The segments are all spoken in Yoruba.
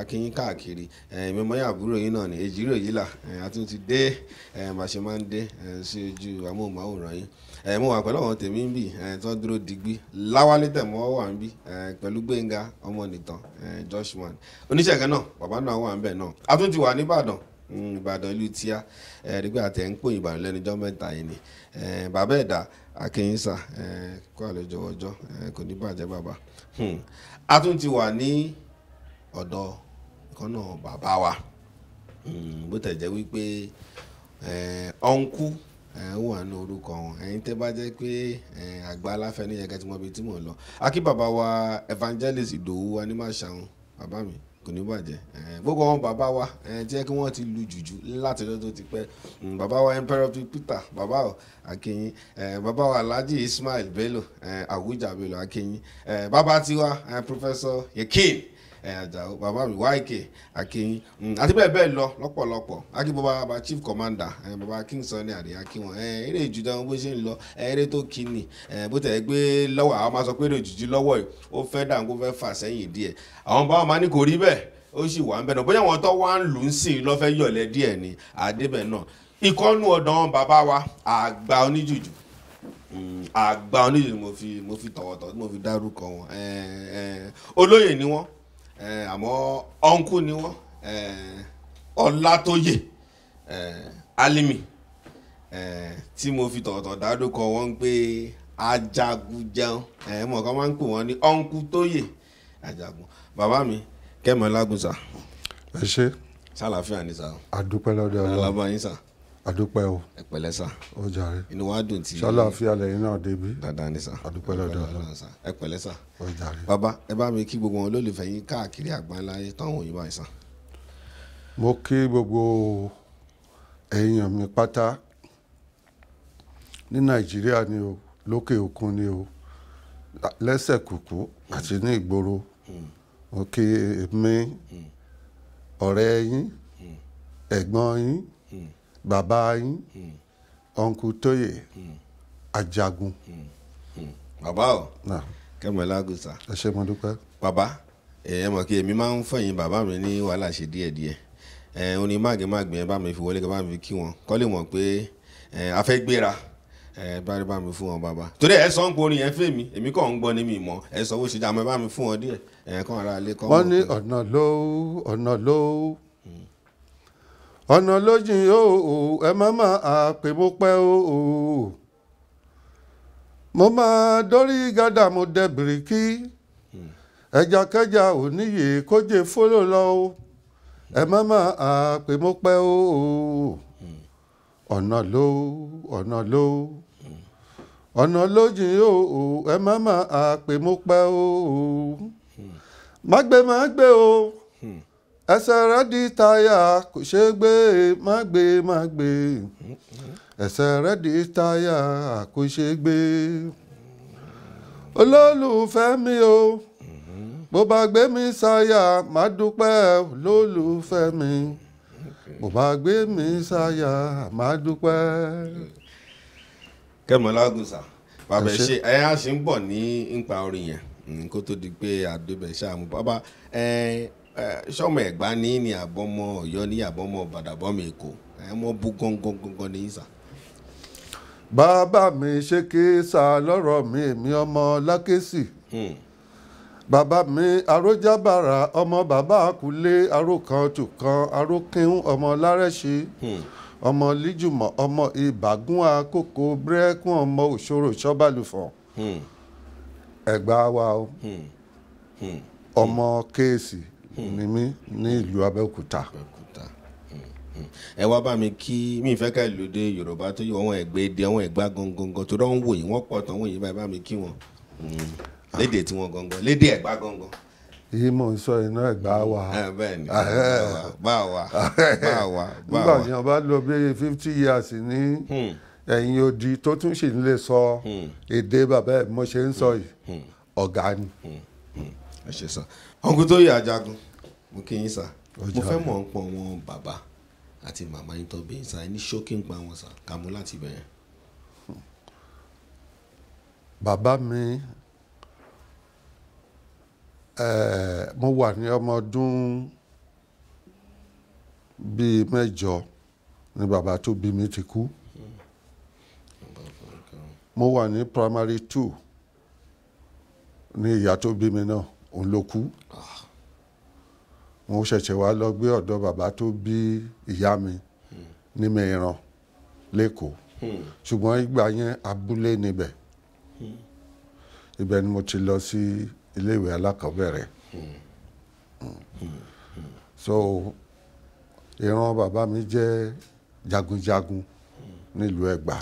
akínyín káàkiri mímọ́ àbúrò yín náà ní èjìrò yìí là a tún ti dé bá a ṣe máa ń dé sí ojú amóhùnmáwòrán yín mo wà pẹ̀lú àwọn tèmi ń bì tó dúró digbí láwálé tẹ̀mọ́ wà ń bì pẹ̀lú gbẹ̀ngà ọmọ nìtàn joshua oníṣègùn náà bàbá náà wà ń bẹ̀ náà a tún ti wà níbàdàn hmm, ìbàdàn ìlú tíá nígbà tẹ̀ ń pò ìbàdàn lẹ́nujọ́ mẹ́ta yìí ni bàbá ẹ̀dá akínyínsà kó àlejò ọjọ́ kò ní bàjẹ́ bàbá hmm. a tún ti wà ní ọ̀dọ̀ ìkànnà bàbá wa hmm, bó tẹ̀ jẹ́ wípé ọ̀nkú ó wà ní orúkọ wọn ẹ̀yin tẹ́ bá jẹ́ pé àgbà aláfẹ́ ní yẹ̀kẹ́ tí mo bi tí mò ń lọ akí bàbá wa evangelist ìdòwú wa ní má ṣàwọn bàbá mi kò ní bàjẹ́ gbogbo àwọn bàbá wa tí yẹ kí wọ́n ti lu jùjú láti ọjọ́ tó ti pẹ́ hmm, bàbá wa emperor peter bàbá o akínyìn bàbá wa alhaji ismail bello àwùjá bello akínyìn bàbá tiwa professor Yakin Àjàó bàbá mi wáìkè akínyìn mm, àti bẹ́ẹ̀ bẹ́ẹ̀ lọ lọ́pọ̀lọpọ̀ akínbọ́bá bàbá chief commander bàbá king sunday àdé akínwọ̀n eré ìjùdá wọn bó ṣe ń lọ eré tó kíni bó tẹ̀ gbé lọ́wọ́ àwọn máa sọ pé eré ìjùjú lọ́wọ́ yìí ó fẹ́ dàgbó fẹ́ fà sẹ́yìn díẹ̀ àwọn bá wọn máa ní kò rí bẹ́ẹ̀ ó sì wà ń bẹ̀ náà bóyá wọn tó wá ń lù ú sí i lọ́fẹ́ wa àgbà oníjùjù mm, àgbà oníjùjù mo fi tọ̀wọ̀tọ̀ mo fi dárúkọ wọn olóyè ni àmọ́ ọ̀nkú ni wọ́n ọlátóyè alimi tí mo fi tọ̀tọ̀ dárúkọ wọn pé ajagunjẹun mọ̀ kán máa ń pè wọ́n ní ọ̀nkú tóyè ajagun bàbá mi kẹ́mọ̀ lágùn sá. ẹ ṣe. sálàáfíà ni sá. a lọ́dọ̀ ọlọ́run alábàáyín sá àdúpẹ́ o. ẹ pẹ̀lẹ́ O ó jàre. inú wa dùn tí. sálàáfíà lẹ́yìn náà débi. dáadáa ni sà. àdúpẹ́ lọ́dọ̀ sà. ẹ pẹ̀lẹ́ sà. ó jàre. bàbá ẹ bá mi kí gbogbo wọn lólùfẹ́ yín káàkiri àgbáńlá ayé táwọn òyìnbó àìsàn. mo kí gbogbo èèyàn mi pátá ní nàìjíríà ni o lókè òkun ni o lẹ́sẹ̀ kùkú àti ní ìgboro mo kí mi hmm. ọ̀rẹ́ yín hmm. ẹ̀gbọ́n yín bàbá yín ọ̀nkù tóyè ajagun. bàbá o kẹmọ lágùsà. ẹ ṣé mo dúpẹ́. bàbá ẹ mọ̀ kí èmi máa ń fẹ̀yìn bàbá mi ní wàhálà ṣe díẹ̀díẹ̀ ẹ oní máàgẹ́máàgbẹ́ bá mi fi wọlé kẹ́ bá mi fi kí wọn kọ́ lè mọ̀ pé a fẹ́ gbéra ẹ bá rí bá mi fún wọn bàbá torí ẹ sọ ń gborin yẹn fèmí èmi kàn ń gbọ́ ní mi mọ̀ ẹ sọ wọ́n ṣe dààmú ẹ bá mi fún wọn díẹ̀ ẹ kàn ra ilé kọ́. wọ́n ní ọ̀nà ló ọ̀nà ló ọ̀nà lójìn o ẹ má má a pè mo pẹ́ o mo máa dórí gádà mo dẹ bìrìkì ẹja kẹja ò níyè kójè fóló lọ o ẹ má má a pè mo pẹ́ o ọ̀nà ló ọ̀nà ló ọ̀nà lójìn o ẹ má má a pè mo pẹ́ o má gbé má gbé o. Mm ẹsẹ̀ rẹ̀ di táyà kò ṣe é gbé má gbé má gbé ẹsẹ̀ rẹ̀ di táyà kò ṣe é gbé olólùfẹ́ mi o bó bá gbé mi sáyà má dúpẹ́ olólùfẹ́ mi bó bá gbé mi sáyà má dúpẹ́. kẹ́mọ̀lá gùsà bàbá ẹ ṣe ẹ á ṣe ń bọ̀ ní nípa orin yẹn kó tó di pé àdébẹ̀ ṣáà mú bàbá ẹ sọmọ ẹ̀gbá ní ní àbọmọ Ọ̀yọ́ ní àbọmọ bàdàbọmọ Èkó ẹ mọ bú gángan gángan ní ìsà. bàbá mi ṣe kí sá lọ́rọ̀ mi èmi ọmọ lákèsì hmm. bàbá mi arójábàrà ọmọ bàbá àkúlé arókantukàn arókínún ọmọ lárẹ́sì hmm. ọmọ líjùmọ̀ ọmọ ìbàgún àkókò bírẹ́kùn ọmọ òṣòro ṣọ́bàlùfọ̀n hmm. ẹ̀gbá wa ọmọ kéèsì. Hmm. Hmm. ni mí ní ìlú Abẹ́òkúta. Hmm, hmm. ẹ wá bá mi kí mi ìfẹ́ ká ìlú dé Yorùbá tó yọ wọn ẹgbẹ́ èdè wọn ẹgbà gangan tó rán wò yìí wọ́n pọ̀ tán wọ́n yìí bá mi kí wọn ah. lédè tí wọn gangan lédè ẹgbà gangan yìí mò ń sọ iná ẹ̀gbá wa. Eh, bẹ́ẹ̀ni eh. bá wa bá wa. wa. nígbà yẹn bá lọ bí fifty years ní ẹ̀yìn odi tó tún sì ń lè sọ èdè bàbá ẹ̀ mo ṣe ń sọ yìí ọ̀gá ni. ẹ ṣe sọ ọ̀gùn tó yẹ ajagun mo kí yín sà mo fẹ́ mọ̀ ń pọ̀ wọn bàbá àti màmá yín tó bẹ̀yìn sà ní ṣókí ń pa wọn sà kà láti bẹ̀yẹn. bàbá mi mo wà ní ọmọ ọdún bíi mẹ́jọ ni bàbá tó bí mi ti kú mo wà ní primary two ni ìyá tó bí mi náà òun ló kú mo ṣẹ̀ṣẹ̀ wá lọ gbé ọ̀dọ̀ bàbá tó bí ìyá mi ní Mẹ̀ràn lẹ́kọ̀ọ́ hmm. ṣùgbọ́n ìgbà yẹn abúlé níbẹ̀ hmm. ibẹ̀ ni mo ti lọ sí iléèwé alákọ̀ọ́bẹ̀rẹ̀ hmm. so ìran bàbá mi jẹ́ jagunjagun nílùú Ẹ̀gbá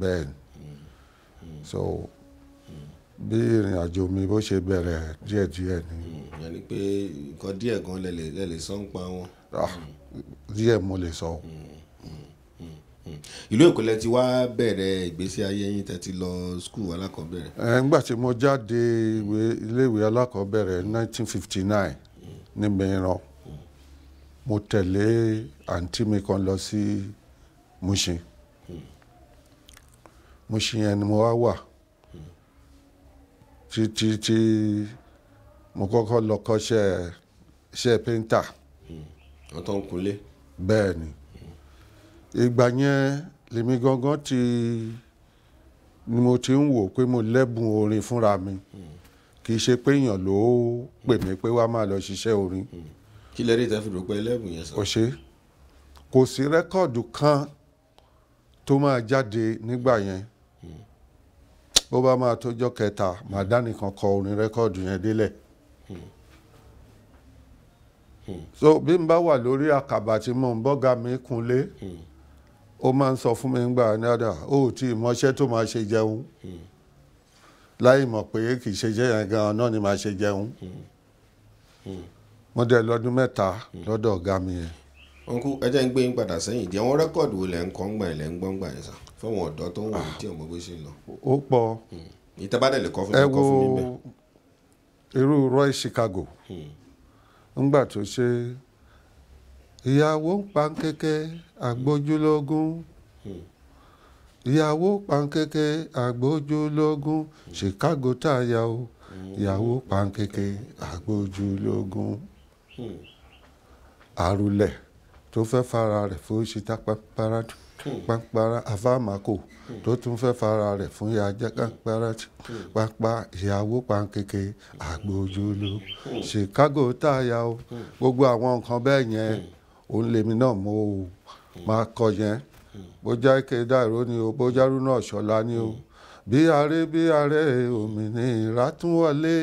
bẹ́ẹ̀ ni so bí ìrìn àjò mi bó ṣe bẹ̀rẹ̀ díẹ̀díẹ̀ ni. Hmm, yẹn ni pé nǹkan díẹ̀ gan lẹ lè sọ ń pa wọn. Ah, díẹ̀ mo lè sọ. Hmm, hmm, ìlú èkó lẹ ti wá bẹ̀rẹ̀ ìgbésí ayé yín tẹ́ ti lọ skul alákọ̀ọ́bẹ̀rẹ̀. ẹ ńgbà tí mo jáde iléèwé alákọ̀ọ́bẹ̀rẹ̀ 1959 ní Mìíràn mo tẹ̀lé àǹtí mi kan lọ sí Mushin Mushin yẹn ni mo wá wà. Mm títí ti mo kọ́kọ́ lọ kọ́ṣẹ́ iṣẹ́ píńtà. Hmm. wọ́n tó ń kunlé. bẹ́ẹ̀ ni ìgbà yẹn lèmi gangan ti ni mo ti ń wò pé mo lẹ́bùn orin fúnra mi hmm. kì í ṣe pé èèyàn ló pè mí pé wàá máa lọ ṣiṣẹ́ orin. Hmm. kí lẹ́rìí tẹ́ fi rò pé ẹlẹ́bùn yẹn sọ. kò ṣe kò sí rẹ́kọ̀dù kan tó máa jáde nígbà yẹn bó bá máa tójọ́ kẹta màá dánìkan kọ orin rẹ́kọ́ọ̀dù yẹn délẹ̀ so bí n bá wà lórí àkàbà tí mò ń bọ́gà mi kunlé ó máa ń sọ fún mi ńgbà dáadáa ó tí ìmọ̀ṣẹ́ tó máa ṣe jẹun láì mọ̀ pé kì í ṣe jẹ́ yẹn gan-an náà ni màá ṣe jẹun mo dẹ̀ lọ́dún mẹ́ta lọ́dọ̀ ọ̀gá mi yẹn. ọ̀nkú ẹ jẹ́ ń gbé yín padà sẹ́yìn jẹ́ wọ́n rẹ́kọ̀dù wo ń kọ́ ń gbà ẹ̀ lẹ́ ń gbọ́ ń gbà ẹ̀ sàn fọwọn ọ̀dọ́ tó ń wọ ní ah. tí ọmọ gbé ṣe ń lọ. ó pọ̀ hmm. ìtẹ́bádẹ́ lè kọ́ fún mi kọ́ fún mi bẹ́ẹ̀. irú Roy Chicago hmm. ńgbà tó ṣe ìyàwó pankẹ́kẹ́ àgbójúlógún hmm. ìyàwó pankẹ́kẹ́ àgbójúlógún Chicago táyà o ìyàwó pankẹ́kẹ́ àgbójúlógún àrùlẹ̀ tó fẹ́ fara rẹ̀ fún ṣíta paradu pàǹpara àfàmàkò tó tún fẹ́ fara rẹ̀ fún ya jẹ́ pàǹpara pàǹpà ìyàwó pàǹkeke àgbòjòló chicago táyà o gbogbo àwọn nǹkan bẹ́ẹ̀ yẹn òun lèmi náà mọ̀ o máa kọ yẹn bójá ike dàrú ni o bójá rúnà ṣọlá ni o bí aré bí aré òmìnira tún wọlé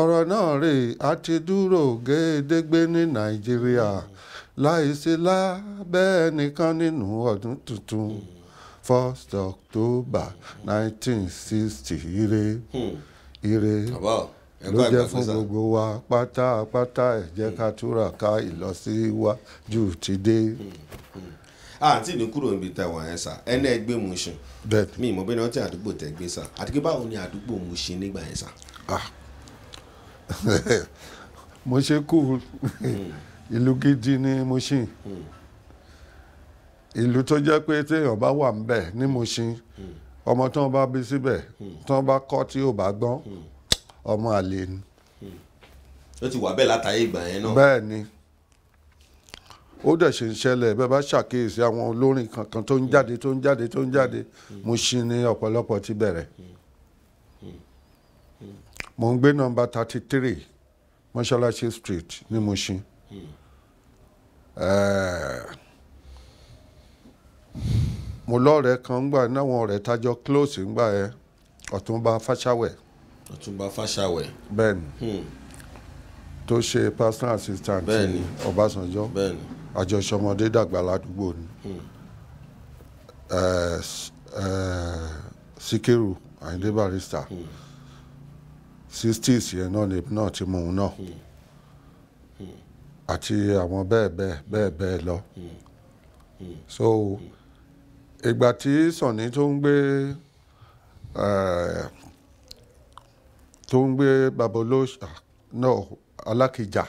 ọ̀rọ̀ náà rèé a ti dúró gédégbé ní nàìjíríà láìsí lábẹ́ nìkan nínú ọdún tuntun first october nineteen sixty ire hmm. ire ló jẹ́ fún gbogbo wa pátápátá ẹ jẹ́ ká hmm. ìlọsíwájú ti dé. àǹtí hmm. ní kúrò níbi tẹwà yẹn sà ẹni ẹ gbé Mushin mi ìmọ̀ bẹ́ẹ̀ wọ́n ti àdúgbò tẹ gbé sà àti pé báwo ni àdúgbò Mushin nígbà yẹn sà. Mushin cool ìlú gidi ní Mushin ìlú tó jẹ́ pé téèyàn bá wà ńbẹ̀ ní Mushin ọmọ tí wọ́n bá bí síbẹ̀ tí wọ́n bá kọ́ tí ò bá gbọ́n ọmọ àlè ni. ó ti wà bẹ́ẹ̀ látàyè ìgbà yẹn náà. bẹ́ẹ̀ ni ó dẹ̀ ṣe ń ṣẹlẹ̀ bẹ́ẹ̀ bá ṣàkíyèsí àwọn olórin kankan tó ń jáde tó ń jáde tó ń jáde Mushin ní ọ̀pọ̀lọpọ̀ ti bẹ̀rẹ̀ mo ń gbé nọ́mbà thirty three mọ́ṣáláṣí street ní Mushin. Mm mo lọ́ọ̀rẹ́ kan gbà náwọn ọ̀rẹ́ tájọ close ńgbà yẹn ọ̀túnba fásáwẹ̀. ọ̀túnba fásáwẹ̀. bẹ́ẹ̀ni hmm. tó ṣe personal assistant ti Ọbásanjọ́ àjọṣọmọdé dàgbà ládùúgbò ni hmm. Síkírù Àyìndé Barrister hmm. sixties yẹn náà ni náà ti mú un náà. Hmm àti àwọn bẹ́ẹ̀ bẹ́ẹ̀ bẹ́ẹ̀ bẹ́ẹ̀ lọ so ìgbà tí Sunny tó ń gbé eh, tó ń gbé babolóṣà ah, náà Alákìjà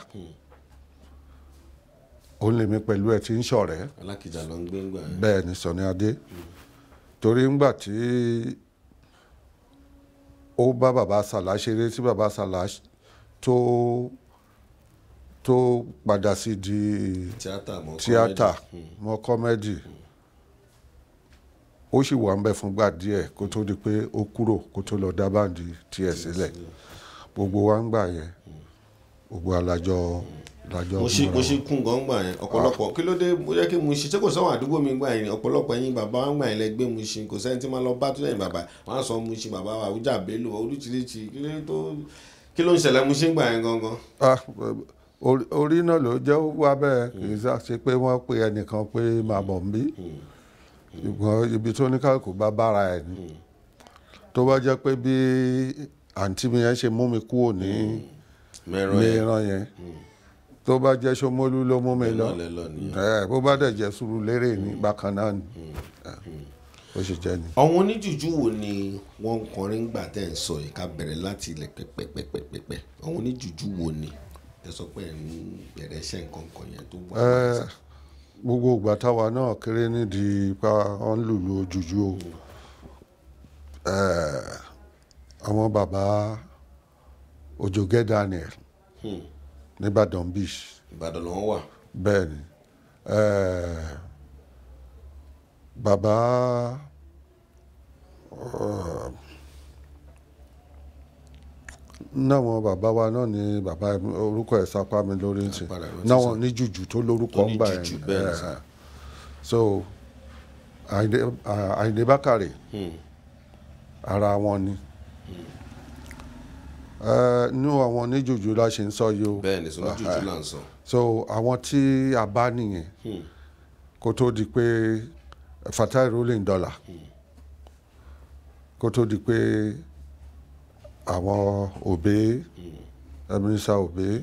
òun lèmi pẹ̀lú ẹ̀ tí ń ṣọ̀rẹ́ Alákìjà ló ń gbé ńgbà yẹn bẹ́ẹ̀ ni Sunny Adé torí ńgbà tí ó bá bàbá Sàlá ṣeré tí bàbá Sàlá tó tó padà sí di tíátà mọ́ hmm. kọ́mẹ́dì ó sì wà ń bẹ fúngbà díẹ̀ kó tó di pé ó kúrò kó tó lọ dá báǹdì tiẹ̀ sílẹ̀ gbogbo wa ń gbà yẹn hmm. gbogbo alájọ lájọ mo ṣe mo ṣe kún gan gbà yẹn ọ̀pọ̀lọpọ̀ kí ló dé mo yẹ kí mo ṣe ṣé kò sọ́wọ́n àdúgbò mi gbà yẹn ọ̀pọ̀lọpọ̀ ẹ̀yin bàbá wa gbà yẹn lẹ gbé mo ṣe kò sẹ́ni tí máa lọ bá tó yẹn bàbá wọn á sọ mo ṣe bàbá wa Àwùjá Bello oríṣiríṣi kí ló tó kí ló ń ṣẹlẹ̀ mo ṣe gbà yẹn gangan. Ah, orí náà ló jẹ́ wá bẹ́ẹ̀ kì í ṣe pé wọ́n pe ẹnìkan pé màá bọ̀ ń bí ṣùgbọ́n ibi tó ní kálukú bá bára ẹ̀ ni tó bá jẹ́ pé bí àǹtí mi yẹn ṣe mú mi kúrò ní mìíràn hmm. yẹn hmm. tó bá jẹ́ Ṣómólú ló mú mi lọ bó bá dẹ̀ jẹ́ Sùúrùlérè ní hmm. bákan náà ni ó ṣe jẹ́ ni. àwọn oníjùjú wo ni wọ́n ń kọrin gbà tẹ́ ń sọ yìí ká bẹ̀rẹ̀ láti ilẹ̀ pẹ̀pẹ̀pẹ̀pẹ̀ àwọn oníjùjú wo ni ẹ sọ pé ẹ ń bẹ̀rẹ̀ iṣẹ́ nǹkan kan yẹn tó wà. gbogbo ìgbà táwa náà kéré nídìí ipa wọn lùlù ojújú o àwọn bàbá Ojoge Daniel hmm. nìbàdàn beach. Ìbàdàn ló ń wà. bẹ́ẹ̀ ni Uh, náwọn bàbá wa náà ni bàbá orúkọ ẹ̀ sápá mi lórí ń sìn náwọn ní jùjù tó lórúkọ ń bà yẹn eh. so Àyìndé Bákàrè hmm. ara wọn ni hmm. eh, nú àwọn oníjùjù la ṣe ń sọ yìí o bẹ́ẹ̀ sọ oníjùjù eh. là ń sọ. so àwọn tí a bá nìyẹn hmm. kó tó di pé Fatai Rolling Dollar kó tó di pé àwọn Obey Ebenezer Obey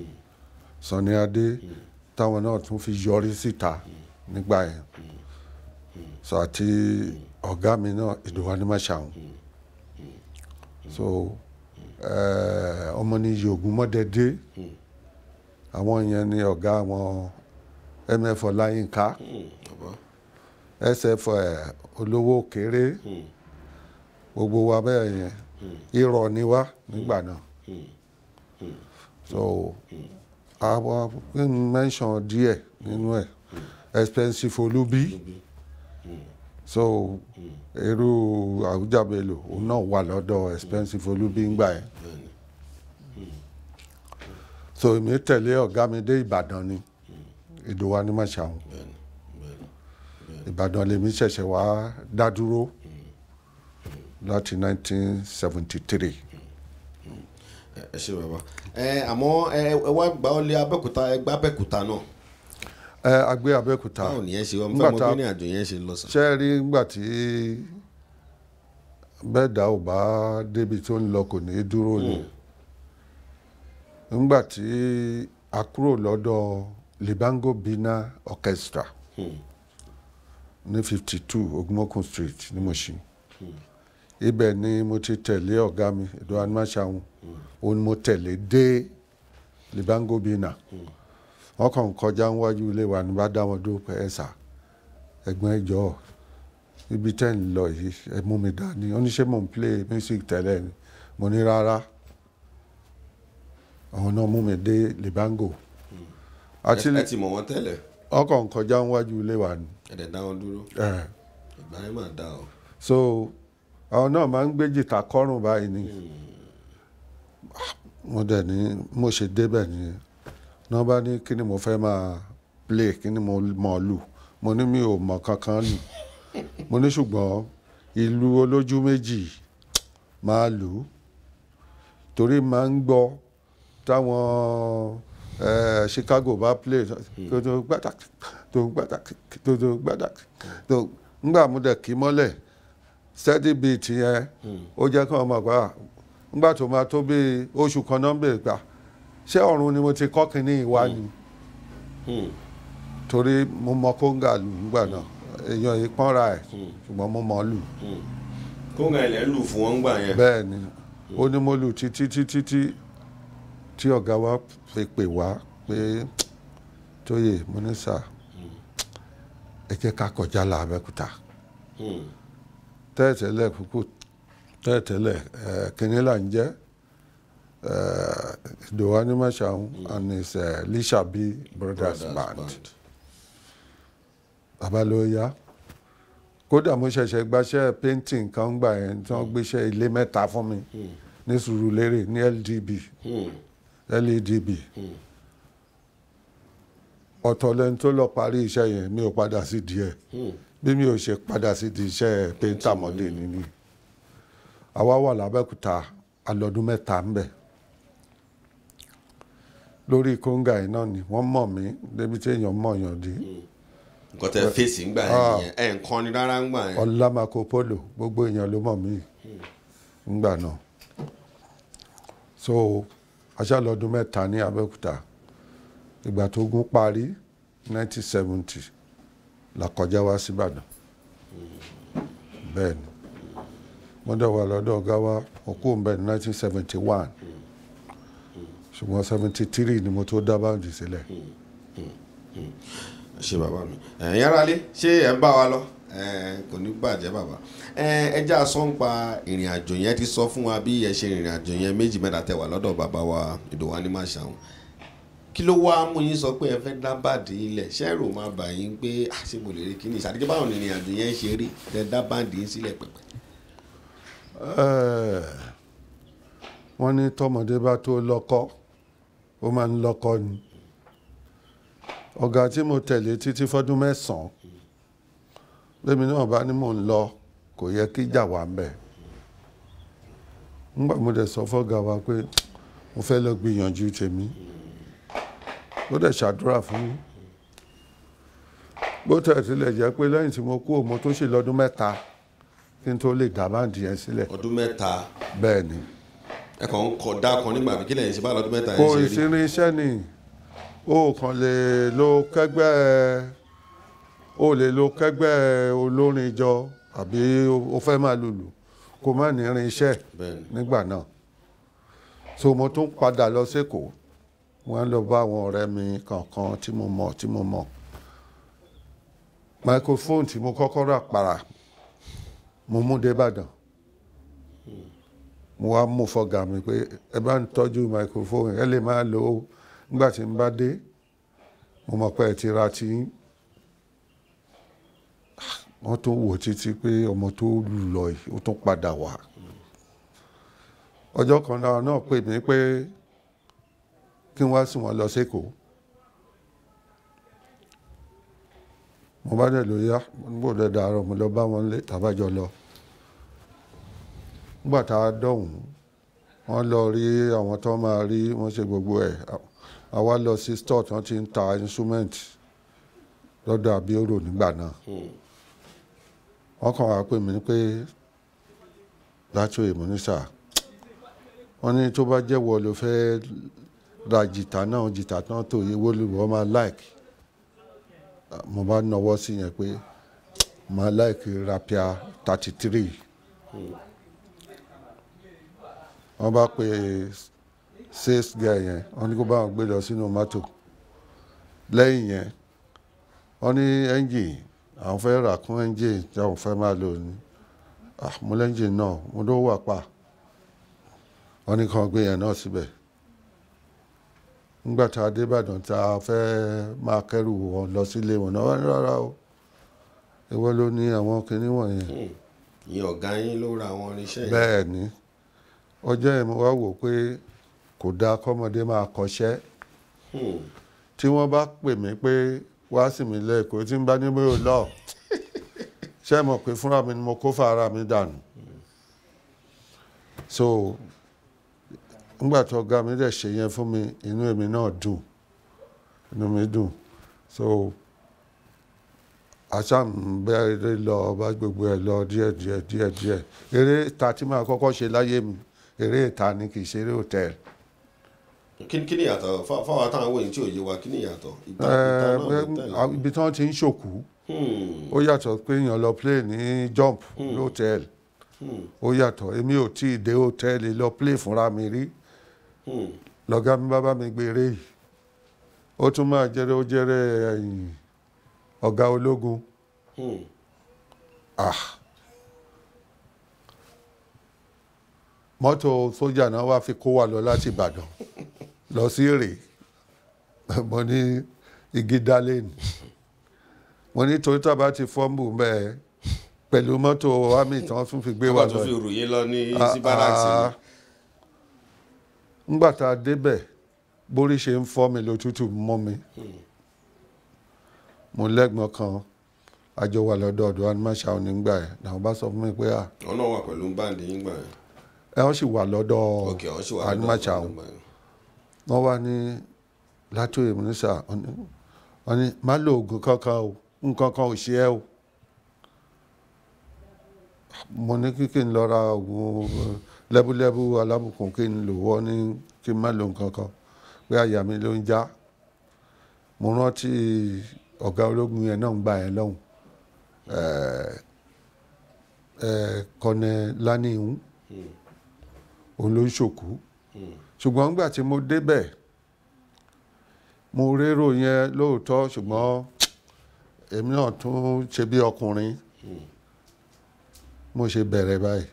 Sunny Adé táwọn náà tún fi yọrí síta nígbà yẹn so àti ọ̀gá mi náà Ìdòwú Animáṣàun so eh, ọmọ ní yogun mọ́dẹ́dẹ́ àwọn yẹn ni ọ̀gá àwọn mf Ọláyínká sf eh, olówó kéré gbogbo wa bẹ́ẹ̀ yẹn irọ́ ni wá hmm. nígbà náà hmm. Hmm. so àwọn kí n mention díẹ̀ nínú ẹ̀ expensive olúbí so irú àwùjábẹ̀lò òun náà wà lọ́dọ̀ expensive olúbí ńgbà yẹn so èmi tẹ̀lé ọ̀gá mi dé ìbàdàn ni ìdòwà ni màṣà òun ìbàdàn lèmi ṣẹ̀ṣẹ̀ wá dá Mm láti 1973. ẹ ṣe bàbá ẹ àmọ́ ẹ wá gbà ọ lé abẹ́òkúta ẹ gbà abẹ́òkúta náà. ẹ agbé abẹ́òkúta báwo ni ẹ ṣe wọ́n fẹ́ mọ bí ní àjò yẹn ṣe lọ sàn. ṣe rí nígbà tí bẹ́ẹ̀ ò bá débi tó ń lọ kò ní í dúró ni hmm. nígbà tí a kúrò lọ́dọ̀ libango bina orchestra hmm. ní fifty two ogunmọ́kùn street ní Mùṣín. Hmm ibẹ̀ ni mo ti tẹ̀lé ọ̀gá mi Edo Animasahun òun mo tẹ̀lé dé Libango Bina wọ́n kàn kọjá níwájú ilé wa ní bá dá wọn dúró pé ẹ sà ẹ̀gbọ́n ẹ̀jọ́ ibi tẹ́ ń lọ yìí ẹ mú mi dání oníṣẹ́ mò ń play music tẹ́lẹ̀ ni mo ní rárá àwọn náà mú mi dé Libango. ẹ ti mọ̀ wọ́n tẹ́lẹ̀. ọkọ̀ nkọjá níwájú ilé wa ni. ẹ̀dẹ̀ dá wọn dúró. ìgbà yẹn máa dá o. so àwọn náà máa ń gbé jìtà kọ́rùn báyìí ni mo dẹ̀ ní mo ṣe débẹ̀ ni náà bá ní kí ni mo fẹ́ máa play kí ni mo mọ̀ lù mo ní mi ò mọ̀ kankan lù mo ní ṣùgbọ́n ìlú olójú méjì máa lù ú torí máa ń gbọ́ táwọn eh, Chicago bá play tó tó gbàdàkì tó gbàdàkì tó tó gbàdàkì tó ngbà mo dẹ̀ kí mọ́lẹ̀ steady beat yẹn hmm. ó jẹ́ kí wọ́n mọ̀ pé ah, nígbà tó máa tó bíi oṣù kan náà ń bèrè gbà ah, ṣé ọ̀run ni mo ti kọ́ kínní ìwá ni hmm. Hmm. torí mo mọ kóńgà lù nígbà náà èèyàn yìí pọ́nra ẹ̀ ṣùgbọ́n mo mọ̀ lù. kóńgà ilẹ̀ lù fún wọn gbà yẹn. bẹ́ẹ̀ ni ó ní mo lù títí títí tí ọ̀gá wa fi pè wá pé tóyè mo ní sà ẹ jẹ́ ká kọjá làbẹ́kúta tẹ́ẹ̀tẹ́lẹ̀ kúkú tẹ́ẹ̀tẹ́lẹ̀ eh, kínní là ń jẹ́ eh, Dowani Mashaun and his uh, eh, Lishabi Brothers, Brothers Band. Band. Babalóyá kódà mo ṣẹ̀ṣẹ̀ gbaṣẹ́ painting kan gbà yẹn tí wọ́n hmm. gbéṣẹ́ ilé mẹ́ta fún mi hmm. ní Sùúrùlérè ní LDB hmm. LADB e ọ̀tọ̀ lẹni tó lọ parí iṣẹ́ yẹn mi ò padà sí díẹ̀ bí mi ò ṣe padà sí di iṣẹ́ péńtà mọ́lẹ̀ nínú àwa wà lábẹ́kúta alọ́dún mẹ́ta ń bẹ̀ lórí kóńgà yìí náà ni wọ́n mọ̀ mí débi tí èèyàn mọ̀ yàn dé. Hmm. nǹkan tẹ fèsì ń yẹn ẹ nǹkan ni rárá ń gbà yẹn. ọlámàkó polo gbogbo èèyàn ló mọ̀ mí hmm. ńgbà náà so aṣáálọ́dún mẹ́ta ní abẹ́òkúta ìgbà tó gún parí 1970 la kọjá wá síbàdàn bẹ́ẹ̀ ni wọ́n wà lọ́dọ̀ ọ̀gá wa òkú mbẹ́ ní nineteen seventy one ṣùgbọ́n seventy three ni mo tó dá báńdì sílẹ̀. ṣé bàbá mi ẹ̀yin aráalé ṣé ẹ̀ ń bá wa lọ kò ní bàjẹ́ bàbá ẹja sọ́npa ìrìn àjò yẹn ti sọ fún wa bí ẹ ṣe ìrìn àjò yẹn méjì mẹ́ta tẹ̀ wá lọ́dọ̀ bàbá wa Ìdòwú Animáṣàun kí ló wá mú yín sọ pé ẹ fẹ́ dá bàdì ilẹ̀ ṣẹ́rù máa bà yín pé àṣẹ ah, mo lè rí kíní ìṣàdíjẹ́ báwọn ní ìrìnàjò yẹn ṣe rí ẹ dá bàdì yín sílẹ̀ pẹ̀pẹ̀. Eh, wọ́n ní tọmọdé bá tó lọ́kọ ó máa ń lọ́kọ ni ọ̀gá tí mo tẹ̀lé títí fọ́dún mẹ́sàn-án lèmi náà bá ní mò ń lọ kò yẹ kí jà wà mbẹ̀ nígbà mo dẹ̀ sọ fọ́gá wa pé mo fẹ́ lọ gbìyànjú tèmi. Mm -hmm ó dẹ̀ ṣàdúrà fún mi bó tẹ̀ tilẹ̀ jẹ́ pé lẹ́yìn tí mo kú òmò tó ṣe lọ́dún mẹ́ta kí n tó lè dá báǹdì yẹn sílẹ̀. ọdún mẹ́ta. bẹ́ẹ̀ ni. ẹ kàn ń kọ dá kan nígbà bí kí lẹ́yìn ṣe bá lọ́dún mẹ́ta yẹn ṣe rí. kò ìsinmi iṣẹ́ ni o kàn lè lo kẹ́gbẹ́ o lè lo kẹ́gbẹ́ olórin jọ àbí o fẹ́ máa lùlù kó má ní irin iṣẹ́ nígbà náà so mo tún padà lọ sí Èkó wọ́n á lọ bá àwọn ọ̀rẹ́ mi kọ̀ọ̀kan tí mo mọ̀ tí mo mọ̀ microphone tí mo kọ́kọ́ rà para mo mú dé Ìbàdàn mo wá mú fọgà mi pé ẹ bá ń tọ́jú microphone ẹ lè máa lò ó nígbà tí n bá dé mo mọ̀ pé ẹ ti ra ti wọ́n tún wò títí pé ọmọ tó lù lọ yìí ó tún padà wá ọjọ́ kan náà pè mí pé kí wọ́n sì wọ́n lọ sékòó mo bá dẹ̀ ló yá bó dẹ̀ dàárọ̀ mo lọ bá wọn lé tàbájọ lọ nígbà tá a dọ̀hún wọ́n lọ rí àwọn tó máa rí wọ́n ṣe gbogbo ẹ̀ àwa lọ sí store tí wọ́n ti ń ta instrument lọ́dọ̀ àbíòrò nígbà náà wọ́n kàn wá pè mí pé láti òye mo ní sà wọ́n ní tó bá jẹ́wọ́ ló fẹ́ẹ́ ra náà jita náà tó yẹ like mo bá nọwọ́ sí yẹn pé like rapia thirty three wọ́n pe sales guy yẹn wọ́n ní kó bá wọn gbé lọ sínú yẹn wọ́n ní engine àwọn fẹ́ rà kún engine tí àwọn máa lò ní àmúlẹ́ńjì ah, náà mo ló wà pa ní kàn gbé yẹn náà síbẹ̀. nígbà tá a dé Ìbàdàn tá a fẹ́ máa kẹ́rù wọn lọ sílé wọn náà rárá o ìwọ ló ní àwọn kinní wọ̀nyẹn. Hmm, ìyẹn ọ̀gá yín ló ra àwọn irinṣẹ́ yìí. bẹ́ẹ̀ ni ọjọ́ yẹn mo wá wò pé kò dáa kọ́mọdé máa kọ́ṣẹ́ hmm. tí wọ́n bá pè mí pé wá sí mi lẹ́ẹ̀kọ́ tí ń bá ní mi ò lọ ṣé mo pè fúnra mi ni mo kó fara mi dànù hmm. so nígbà tó ọ̀gá mi dẹ̀ ṣe yẹn fún mi inú èmi náà dùn inú mi dùn so àṣàmbẹ̀rẹ̀ lọ bá gbogbo ẹ̀ lọ díẹ̀ díẹ̀ díẹ̀ díẹ̀ eré ìta tí màá kọ́kọ́ ṣe láyé mi eré ìta ni kì í ṣe eré hòtẹ́ẹ̀lì. kí ni ìyàtọ̀ fáwọn táwọn wòye tí ò yé wa kí ni ìyàtọ̀ ìta náà hòtẹ́ẹ̀lì. ibi tí wọ́n ti ń ṣòkú hmm. ó yàtọ̀ pé èèyàn lọ play ní jump hmm. hòtẹ́ẹ̀lì hmm. ó yàtọ̀ èmi ò tí ì dé hòtẹ́ẹ̀lì lọ play fúnra mi rí. Hmm. Hmm. lọ́gá mi bàbá mi gbére yìí ó tún máa jẹrẹ ó jẹrẹ ọ̀gá ológun hmm. ah. mọ́tò sójà náà wá fi kó wa lọ láti Ìbàdàn lọ sí èrè mo ní igi dálẹ́ni mo ní Toyota bá ti fọ́ǹbù mẹ́ẹ̀ pẹ̀lú mọ́tò àmì tí wọ́n fi gbé wa lọ. wọ́n tún fi ròyìn lọ ní ah, sí bárakì. ngbata tá débẹ̀ bórí ṣe ń fọ́ mi lótútù mọ́ hmm. mo lẹ́gbọ̀n kan àjọ wà lọ́dọ̀ ọ̀dọ̀ animáṣà onígbà ẹ̀ làwọn bá sọ fún mi pé à. wọn náà wà pẹ̀lú báńdì yín gbà yẹn. ẹ wọ́n sì wà lọ́dọ̀ wọn wọ́n ní látòyè mínísà wọ́n ní má lo ò ṣe ẹ́ o mo ní lọ ra oògùn lẹ́búlẹ́bú alábùkún kí n lò wọ́ ní kí n má lo nǹkan kan pé àyà mi ló ń já mo rántí ọ̀gá ológun yẹn náà ń gbà yẹn lọ́hùn kọ́nẹ lánìhún òun ṣùgbọ́n nígbà tí mo débẹ̀ mo rérò yẹn lóòótọ́ ṣùgbọ́n èmi náà tún ṣe bí ọkùnrin mo ṣe bẹ̀rẹ̀ báyìí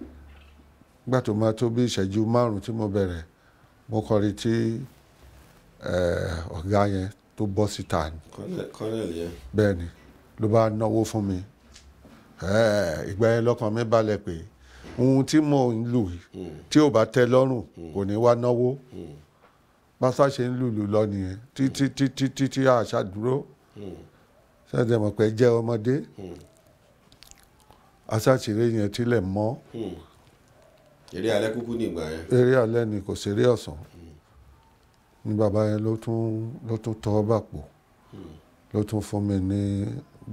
nígbà tó máa tó bí ìṣẹ́jú márùn-ún tí mo bẹ̀rẹ̀ mo kọ́ rí tí ọ̀gá yẹn tó bọ́ síta ni. kọ́nẹ̀lì yẹn. bẹ́ẹ̀ ni ló bá náwó fún mi ìgbà yẹn lọ́kàn mi balẹ̀ pé ohun tí mo ń lù hmm. tí ò bá tẹ́ lọ́rùn hmm. kò ní wá náwó pásá hmm. ṣe ń lùlù lọ nìyẹn títí títí títí àṣà dúró ṣáàjẹ́ mọ̀ pé jẹ́ ọmọdé àṣà yẹn tilẹ̀ mọ́. Mm eré alẹ́ kúkú ní ìgbà yẹn. eré alẹ́ ni kò ṣeré ọ̀sán ni bàbá yẹn ló tún ló tún tọ́ bàpò ló tún fún mi ní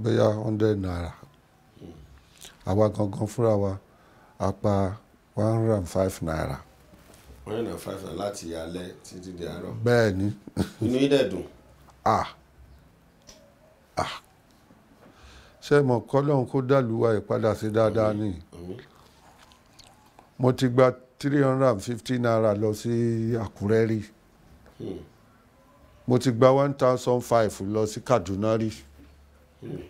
bóyá hundred naira àwa gangan fúnra wa a pa one hundred and five naira. one hundred and five naira láti alẹ́ títí di àárọ̀. bẹ́ẹ̀ ni. inú yín dùn. ah ah ṣé mo kọ́ lóhun kó dàlúwa ìpadà sí dáadáa ni mo ti gba three hundred and fifty naira lọ sí Àkúrẹ́ rí hmm. mo ti gba one thousand five lọ sí Kaduna rí hmm.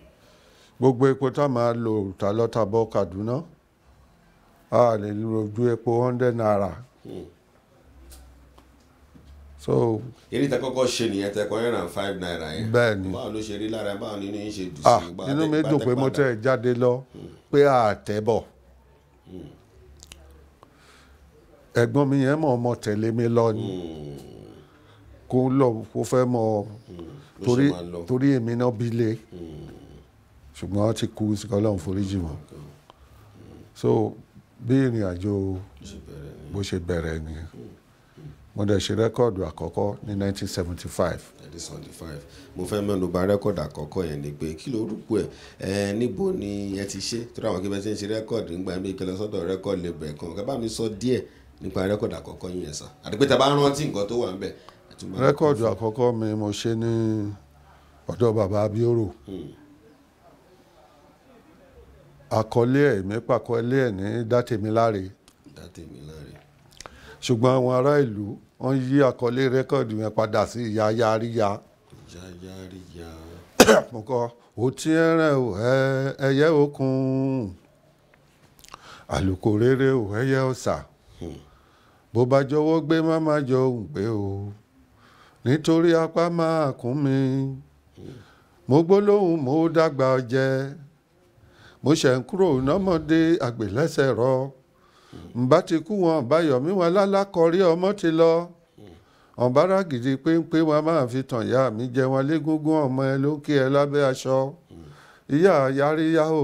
gbogbo epo tá a máa lo òrùta lọ́ta bọ́ Kaduna a lè lo ju epo hundred naira. Hmm. so eré tẹ kọ́kọ́ ṣe nìyẹn tẹ kọ́ yẹn five naira yẹn bẹ́ẹ̀ni báwo ló ṣe rí lára báwo nínú yín ṣe dùn sí ah, inú mi dùn pé mo tẹ̀ jáde lọ pé àtẹ̀bọ̀. Mm ẹ̀gbọ́n mi yẹn mọ̀ ọmọ tẹ̀lé mi lọ ni kó lọ kó fẹ́ mọ hmm, torí torí èmi náà bí lé hmm. ṣùgbọ́n wọ́n ti kú síkọ́ ọlọ́run foríjì wọn hmm. so bí ìrìn àjò bó ṣe bẹ̀rẹ̀ ni mo dẹ̀ ṣe rẹ́kọ̀dù àkọ́kọ́ ní 1975. 1975 mo fẹ́ mẹ́nu bà rẹ́kọ̀dù àkọ́kọ́ yẹn ni pé kí ló rúkú ẹ̀ ẹ̀ níbo ni ẹ ti ṣe tó ráwọn kí bẹ́ẹ̀ ti ń ṣe rẹ́kọ̀dù nígbà mí kí lọ sọ́dọ̀ rẹ́kọ̀dù lè bẹ̀ kan kẹ́ bá mi sọ díẹ̀ nípa rẹ́kọ̀dù àkọ́kọ́ yín yẹn sà àti pé tá a bá rántí nǹkan tó wà ńbẹ̀. rẹ́kọ̀dù àkọ́kọ́ mi mo ṣe ní ọ̀dọ̀ bàbá abioro hmm. àkọlé ẹ̀ mi pàkọlé ẹ̀ ní dátèmiláre dátèmiláre ṣùgbọ́n àwọn ará ìlú wọ́n yí àkọlé rẹ́kọ̀dù yẹn padà sí ìyá yáríyá mo kọ òtí ẹrẹ ò ẹyẹ òkun àlùkò rere ò ẹyẹ ọ̀sà. Hmm bó bá jọwọ́ gbé má má jọ òun gbé o nítorí apá máa kún mi mo gbólóhùn mo dàgbà jẹ mo ṣẹ̀ ń kúrò nọ́mọdé àgbélẹ́sẹ̀ rọ ǹbá ti kú wọn báyọ̀mí wọn lálákọrí ọmọ ti lọ ọ̀bára gidi péńpé wọn máa fi tàn ya mi jẹ wọn légúngún ọmọ ẹ ló kí ẹ lábẹ́ aṣọ ìyá yáríyá o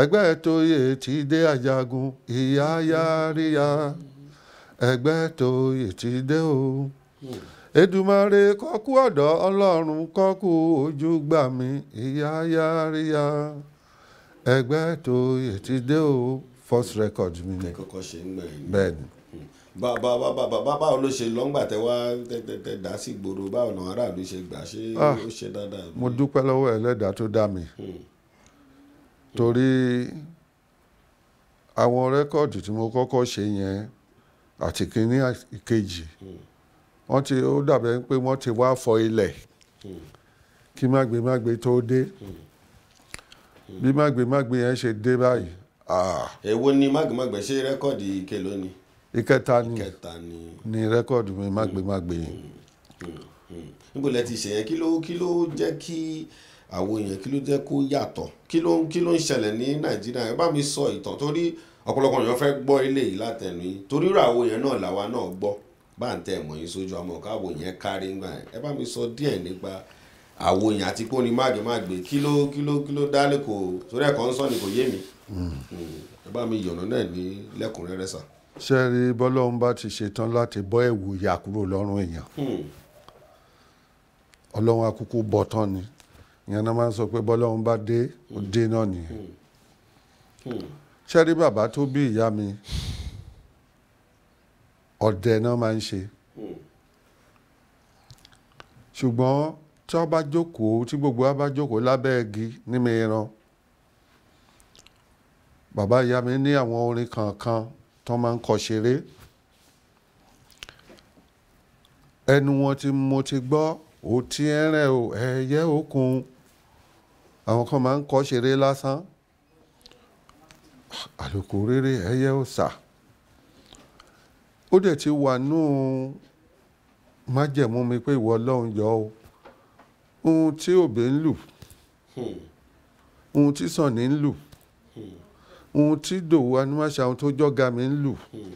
ẹgbẹ́ tó yẹ ti dé àjagun ìyá yáríyá. Mm ẹgbẹ́ tó yè ti dé o. Èdùmàrè kọ́kú ọ̀dọ́ Ọlọ́run kọ́kú ojú gbà mí ìyá ẹgbẹ́ tó yè ti dé o first record mi ni. kọ́kọ́ ṣe bàbá bàbá bàbá báwo ló ṣe lọ́ngbà tẹ wá tẹ dá sí ìgboro báwo làwọn aráàlú ṣe gbà ṣé ah, ó ṣe dáadáa. mo dúpẹ́ lọ́wọ́ ẹlẹ́dàá tó dá mi hmm. torí àwọn rẹ́kọ̀dì tí mo kọ́kọ́ ṣe yẹn àti kínní kejì wọ́n ti ó dàbẹ̀ pé wọ́n ti wá fọ ilẹ̀ kí mágbémágbé tó dé bí mágbémágbé yẹn ṣe dé báyìí. Ah. èwo ni mágbémágbé ṣe rẹ́kọ̀dì ike lónìí. ìkẹta ni ni rẹ́kọ̀dì mi mágbémágbé yẹn. níbo lẹ ti ṣe yẹn kí ló kí ló jẹ́ kí àwọn èèyàn kí ló jẹ́ kó yàtọ̀ kí ló ń ṣẹlẹ̀ ní nàìjíríà ẹ bá mi sọ ìtàn torí ọ̀pọ̀lọpọ̀ èèyàn fẹ́ gbọ́ eléyìí látẹnu yìí torí irú àwo yẹn náà làwa náà gbọ́ bá ń tẹ̀ mọ̀ yín sójú àmọ́ káwo yẹn kárí ńgbà yẹn ẹ bá mi sọ díẹ̀ nípa àwo yẹn àti pé máàgbé máàgbé kí ló kí dálé kò torí ẹ̀kọ́ ń sọ ni kò yé mi ẹ bá mi yọ̀nà náà ní lẹ́kùnrẹ́rẹ́ sà. ṣé rí bọ́lọ́run bá ti ṣetán láti bọ́ ẹ̀wù yà kúrò lọ́rùn èèyàn hmm. ọlọ́run akúkú bọ̀ tán ni ìyẹn náà máa ń sọ pé bọ́lọ́run bá dé ó hmm. dé náà nìyẹn. Hmm ṣẹ́rí bàbá tó bí ìyá mi ọdẹ náà máa ń ṣe hmm. ṣùgbọ́n tí wọ́n bá jókòó tí gbogbo wa bá jókòó lábẹ́ igi ní mìíràn bàbá ìyá mi ní àwọn orin kankan tó máa ń kọ ṣeré ẹnu wọn tí mo ti gbọ́ òtí ẹ̀rẹ̀ ẹ̀yẹ òkun àwọn kan máa ń kọ ṣeré lásán àlòkù rere ẹyẹ ọ̀sà ó dẹ̀ ti wà nù májẹ̀mú mi pé ìwọ ọlọ́run yọ ọ́ ohun tí òbí ń lù hmm. ohun tí sànni ń lù hmm. ohun tí dòwú anúmọ̀ṣà ohun tó jọ́ga mi ń lù hmm.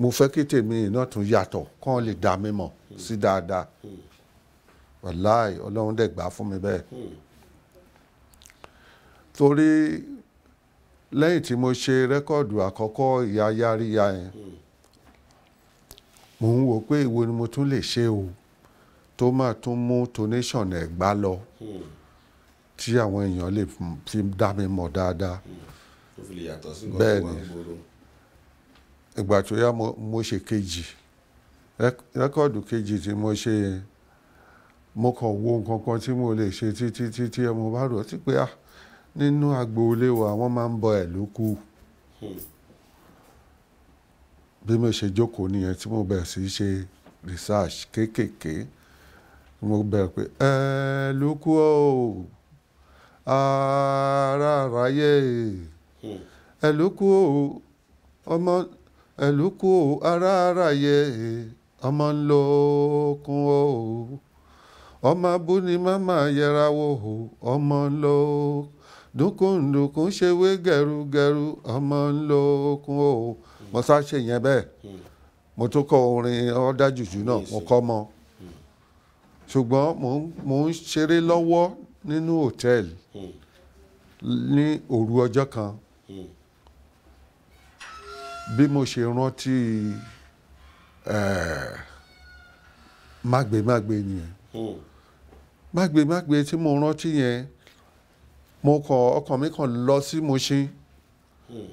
mo fẹ́ kí tèmi náà tún yàtọ̀ kán lè dá mi mọ̀ sí dáadáa wàláì ọlọ́run dẹ̀ gbà fún mi bẹ́ẹ̀ torí lẹ́yìn tí mo ṣe rẹ́kọ̀dù àkọ́kọ́ ìyá yáríya yẹn mò ń wò pé ìwo ni mo tún lè ṣe o tó máa tún mú tonation Ẹ̀gbá lọ tí àwọn èèyàn lè fi dá mi mọ̀ dáadáa bẹ́ẹ̀ ni ìgbà tó yá mo ṣe kejì rẹ́kọ̀dù kejì tí mo ṣe mo kàn wo nǹkan kan tí mo lè ṣe títí títí ẹ mo bá rò ó ti pé ah nínú agboolé wa wọ́n máa ń bọ ẹ̀ lókù hmm. bí mo ṣe jókòó nìyẹn tí mo bẹ̀rẹ̀ sí ṣe research kéékèèké mo bẹ̀rẹ̀ pé ẹ lókù o ara àráyé hmm. ẹ lókù o ọmọ ẹ lókù o ara àráyé ọmọ ń lo okun o ọmọ abúni má máa yẹra wo ọmọ ń lo okun dúnkùndùnkùn ṣe wé gẹrugẹru ọmọ ńlọ okun o mo sá ṣe yẹn bẹ́ẹ̀ hmm. mo tún kọ orin ọ̀dájújú náà hmm. mo kọ́ mọ́ hmm. ṣùgbọ́n mo ń ṣeré lọ́wọ́ nínú hòtẹ́ẹ̀lì ní òru ọjọ́ kan bí mo ṣe rántí mágbémágbé nìyẹn mágbémágbé tí mo rántí yẹn mo kọ ọkàn mi kàn lọ sí Mushin hmm.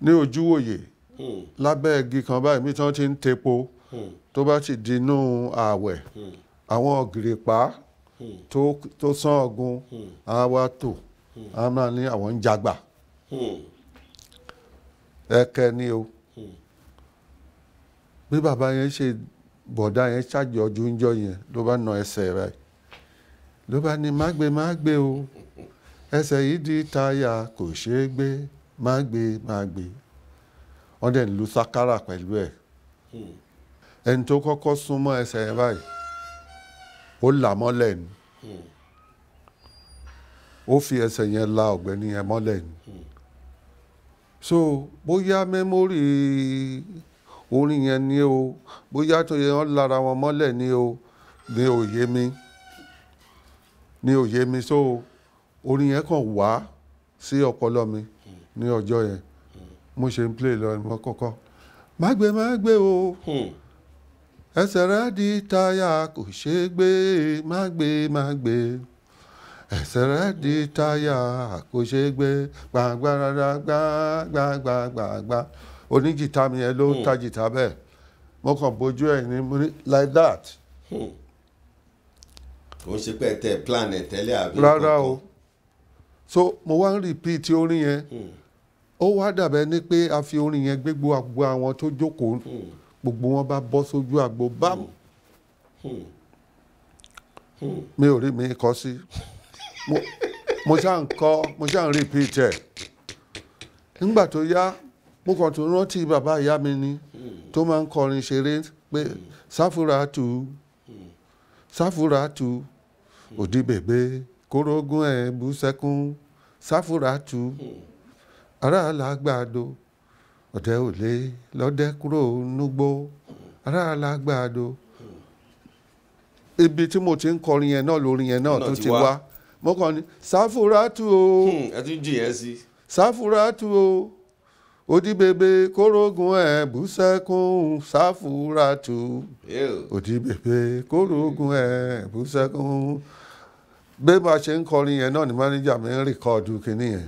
ní ojúwòye hmm. lábẹ́ igi kan báyìí mi tí ti ń tepo hmm. tó bá ti dinú ààwẹ̀ àwọn gìrìpá tó sán ọ̀gùn àwọn tò àwọn ní àwọn ń jagbà ẹkẹ ni o bí bàbá yẹn ṣe bọ̀dá yẹn ṣàjọjú ń jọ yẹn ló bá na ẹsẹ̀ rẹ̀ ló bá ní má gbé má gbé o ẹsẹ̀ yìí di táyà kò ṣeé gbé má gbé má gbé wọ́n dẹ̀ ń lu sákárà pẹ̀lú ẹ̀ hmm. ẹni tó kọ́kọ́ súnmọ́ ẹsẹ̀ yẹn báyìí ó là mọ́lẹ̀ ni hmm. ó fi ẹsẹ̀ yẹn la ọ̀gbẹ́ni yẹn mọ́lẹ̀ ni hmm. so bóyá mẹ́mórì orin yẹn ni o bóyá tó yẹ wọ́n lára wọn mọ́lẹ̀ ni o ni òye mi ni òye mi so orin yẹn kàn wá sí ọpọlọ mi ní ọjọ́ yẹn mo ṣe ń play lọ ìmọ̀ kọ́kọ́ má gbé má gbé o hmm. ẹsẹ̀ rẹ di táyà kò ṣe é gbé má gbé má gbé ẹsẹ̀ rẹ di táyà kò ṣe é gbé gbàgbàgbàgbàgbàgbàgbà oníjìtá mi yẹn ló ń ta jìtá hmm. bẹ́ẹ̀ mo kàn bójú ẹ̀ ní mo ní like that. Hmm. kò ń ṣe pé tẹ plan ẹ tẹ́lẹ̀ àbí. rárá o so mo wá ń repeat orin yẹn hmm. ó wá dàbẹ́ ni pé a fi orin yẹn gbégbó àgbo àwọn tó jókòó hmm. gbogbo wọn bá bọ́ sójú àgbo hmm. bámu mi ò rí mi kọ́ sí mo ṣáà ń kọ́ mo ṣáà ń repeat ẹ̀ nígbà tó yá mo kàn tún rántí bàbá ìyá mi ni tó máa ń kọrin ṣeré pé sáfúrà tù sáfúrà tù òdì bèbè. kórógún ẹ̀ bú sẹ́kún sáfúrátù hmm. aráàlá gbàdo ọ̀dẹ òlé lọ́dẹ kúrò núgbó aráàlá gbàdo hmm. ibi tí mo ti ń kọrin yẹn náà lórin yẹn náà tó ti wá mo kàn ní sáfúrátù o hmm, ẹ tún jìyẹn sí sáfúrátù o òdìbèbè kórógùn ẹ̀ bú sẹ́kún sáfúrátù òdìbèbè kórógùn ẹ̀ bú sẹ́kún. bẹ́ẹ̀ bá ṣe ń kọrin yẹn náà ni mánéjà mi ń rìkọ́ọ̀dù kínní yẹn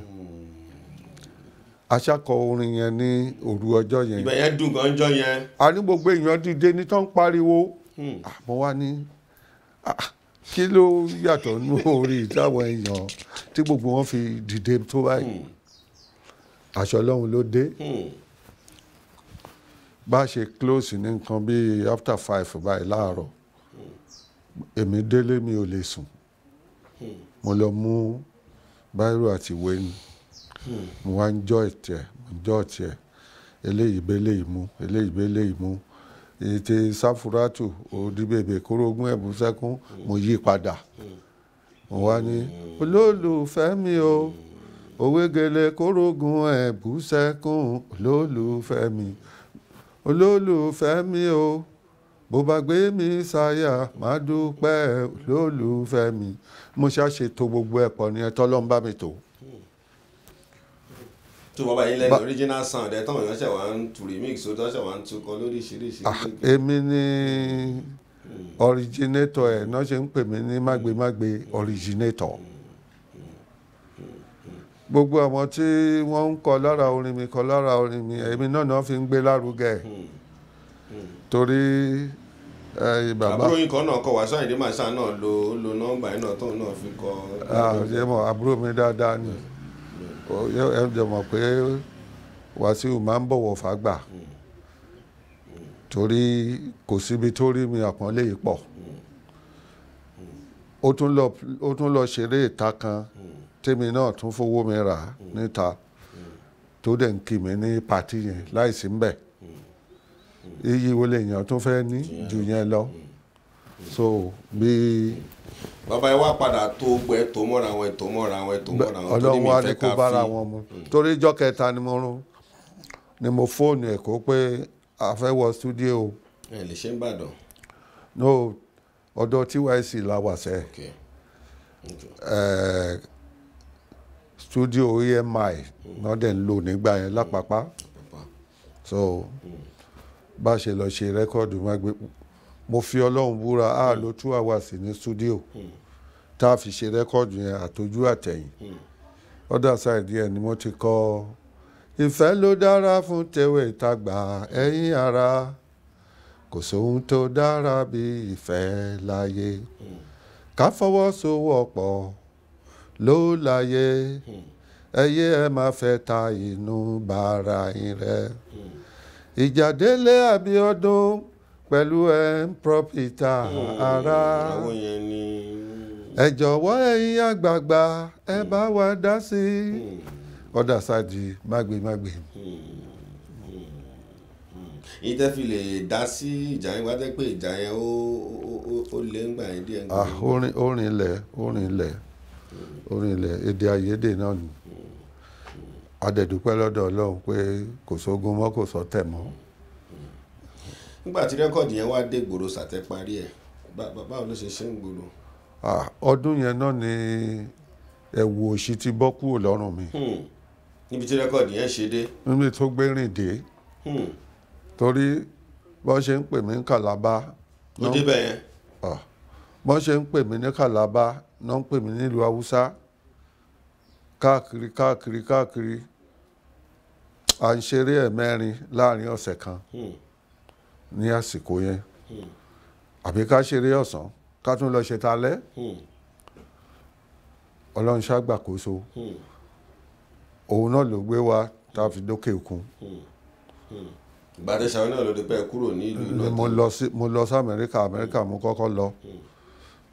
aṣakọ orin yẹn ní òru ọjọ́ yẹn. ìgbà yẹn dùn gan jọ yẹn. a ní gbogbo èèyàn dìde ní tó ń pariwo àmọ́ hmm. ah, wá ní ah, kí ló yàtọ̀ nú orí ìtàwọn èèyàn tí gbogbo wọn fi dìde tó báyìí hmm. aṣọ ọlọ́run ló dé hmm. bá a ṣe close ní nǹkan bíi after five báyìí láàárọ̀ èmi délé mi ò lè sùn. Hmm. mo lọ mú báírò àti ìwé ni hmm. mo wá ń jọ ìtẹ̀ mo jọ ìtẹ̀ eléyìí bẹ́lẹ̀ ìmú eléyìí bẹ́lẹ̀ ìmú ètè sáfúrátù òdìbèbè kórógún ẹ̀bùn sẹ́kún hmm. mo yí padà mo wá ní olólùfẹ́ mi o òwégele kórógún ẹ̀bùn sẹ́kún olólùfẹ́ mi o bó bá gbé mi sáyà má dúpẹ́ olólùfẹ́ mo ṣáà ṣe to gbogbo ẹ̀pọ̀ ni ẹ̀tọ́ ló ń bá mi tò. tó bàbá yín lẹ́yìn original sound ẹ̀ táwọn èèyàn ṣẹ̀ wá ń tu remix ó tọ́ṣẹ̀ wá ń tukọ̀ lóríṣiríṣi. Ah, èmi ni originator ẹ̀ náà ṣe ń pè mí ní mágbémágbé originator gbogbo àwọn tí wọ́n ń kọ lára orin mi kọ lára orin mi èmi náà náà fi ń gbé lárugẹ hmm. Hmm. torí àbúrò yín kan náà kọ wá sáyìn dèmàṣà náà lo lo nọ́mbà yín náà tóun náà fi kọ. ṣé mo àbúrò mi dáadáa ni ẹ jẹ mọ̀ pé Wàsíù máa ń bọ̀wọ̀ fàgbà torí kò síbi tó rí mi àpọ́nlé yìí pọ̀ ó tún lọ ṣeré ìta kan tèmi náà tún fowó mi rà níta tó dẹ̀ ń kí mi ní pàtí yẹn láìsí ń bẹ̀. Mm iyì wo lèèyàn tó fẹ́ ní jù yẹn lọ so bí. bàbá ẹ wá padà tó gbẹ tó mọ́ra wọn tó mọ́ra wọn tó mọ́ra wọn tó ní mi fẹ́ ká fi ọlọ́run wá ní kó bára wọn mu mm. torí ìjọ́ kẹta ni mo rún ni mo fóònù ẹ̀ kó pé a fẹ́ wọ stúdíò. ẹ lè ṣe ń bàdàn. no ọ̀dọ̀ TYC la wà sẹ́ẹ̀. Okay. Uh, studio EMI náà dẹ̀ ń lò nígbà yẹn lápapá so. Mm bá ṣe lọ ṣe rẹ́kọ̀dù má gbé mo fi ọlọ́run búra á hmm. lo two hours ní studio hmm. tá a fi ṣe rẹ́kọ̀dù yẹn àtọjú àtẹ̀yìn hmm. other side yẹn ni mo ti kọ ìfẹ́ ló dára fún tèwe ìtagbà ẹ̀yin ara kò sóhun tó dára bí ìfẹ́ láyé ká fọwọ́sowọ́pọ̀ ló láyé ẹyẹ ẹ máa fẹ́ ta inú bàrà yín rẹ. Mm ìjàdélé àbíọ́dún pẹ̀lú ẹ̀ńprọ́pìtà hmm, ara ẹ jọ̀wọ́ ẹ̀yin àgbààgbà ẹ hmm. bá wa dá sí ọ̀dà sáàjì mágbèmágbè. yìí tẹ́ fi lè dá sí ìjà yẹn wá tẹ́ pé ìjà yẹn ó lé ńgbà yẹn díẹ̀. orin ah, ilẹ̀ orin ilẹ̀ orin ilẹ̀ èdè àìyedè náà ni adẹ̀dúpẹ́ lọ́dọ̀ ọlọ́run pé kò sógun mọ́ kò sọ́tẹ̀ mọ́. nígbà tí rẹ́kọ̀dì yẹn wá dé gbòòrò sàtẹ́ parí ẹ̀ báwo ló ṣe ṣe ń gbòòrò. ọdún yẹn náà ni ẹ̀wù òṣì ti bọ́ kúrò lọ́rùn mi. Hmm. níbi tí rẹ́kọ̀dì yẹn ṣe dé. níbi tó gbé rìn dé. Hmm. torí bọ́ ṣe ń pè mí ní kàlábá. ó débẹ̀ yẹn. bọ́ ṣe ń pè mí ní kàlábá náà ń pè mí nílùú haúsá káàkiri káàkiri káàkiri à ń ṣeré ẹ̀ mẹ́rin láàrin ọ̀sẹ̀ kan hmm. ní àsìkò yẹn hmm. àbí ká ṣeré ọ̀sán ká tún lọ ṣe ta lẹ́ hmm. ọlọ́run ṣàgbàkóso òun náà ló gbé wa tá a fi dókè òkun. gbàdéṣà náà ló dé kúrò ní ìlú náà. mo lọ sí amẹ́ríkà amẹ́ríkà mo kọ́kọ́ lọ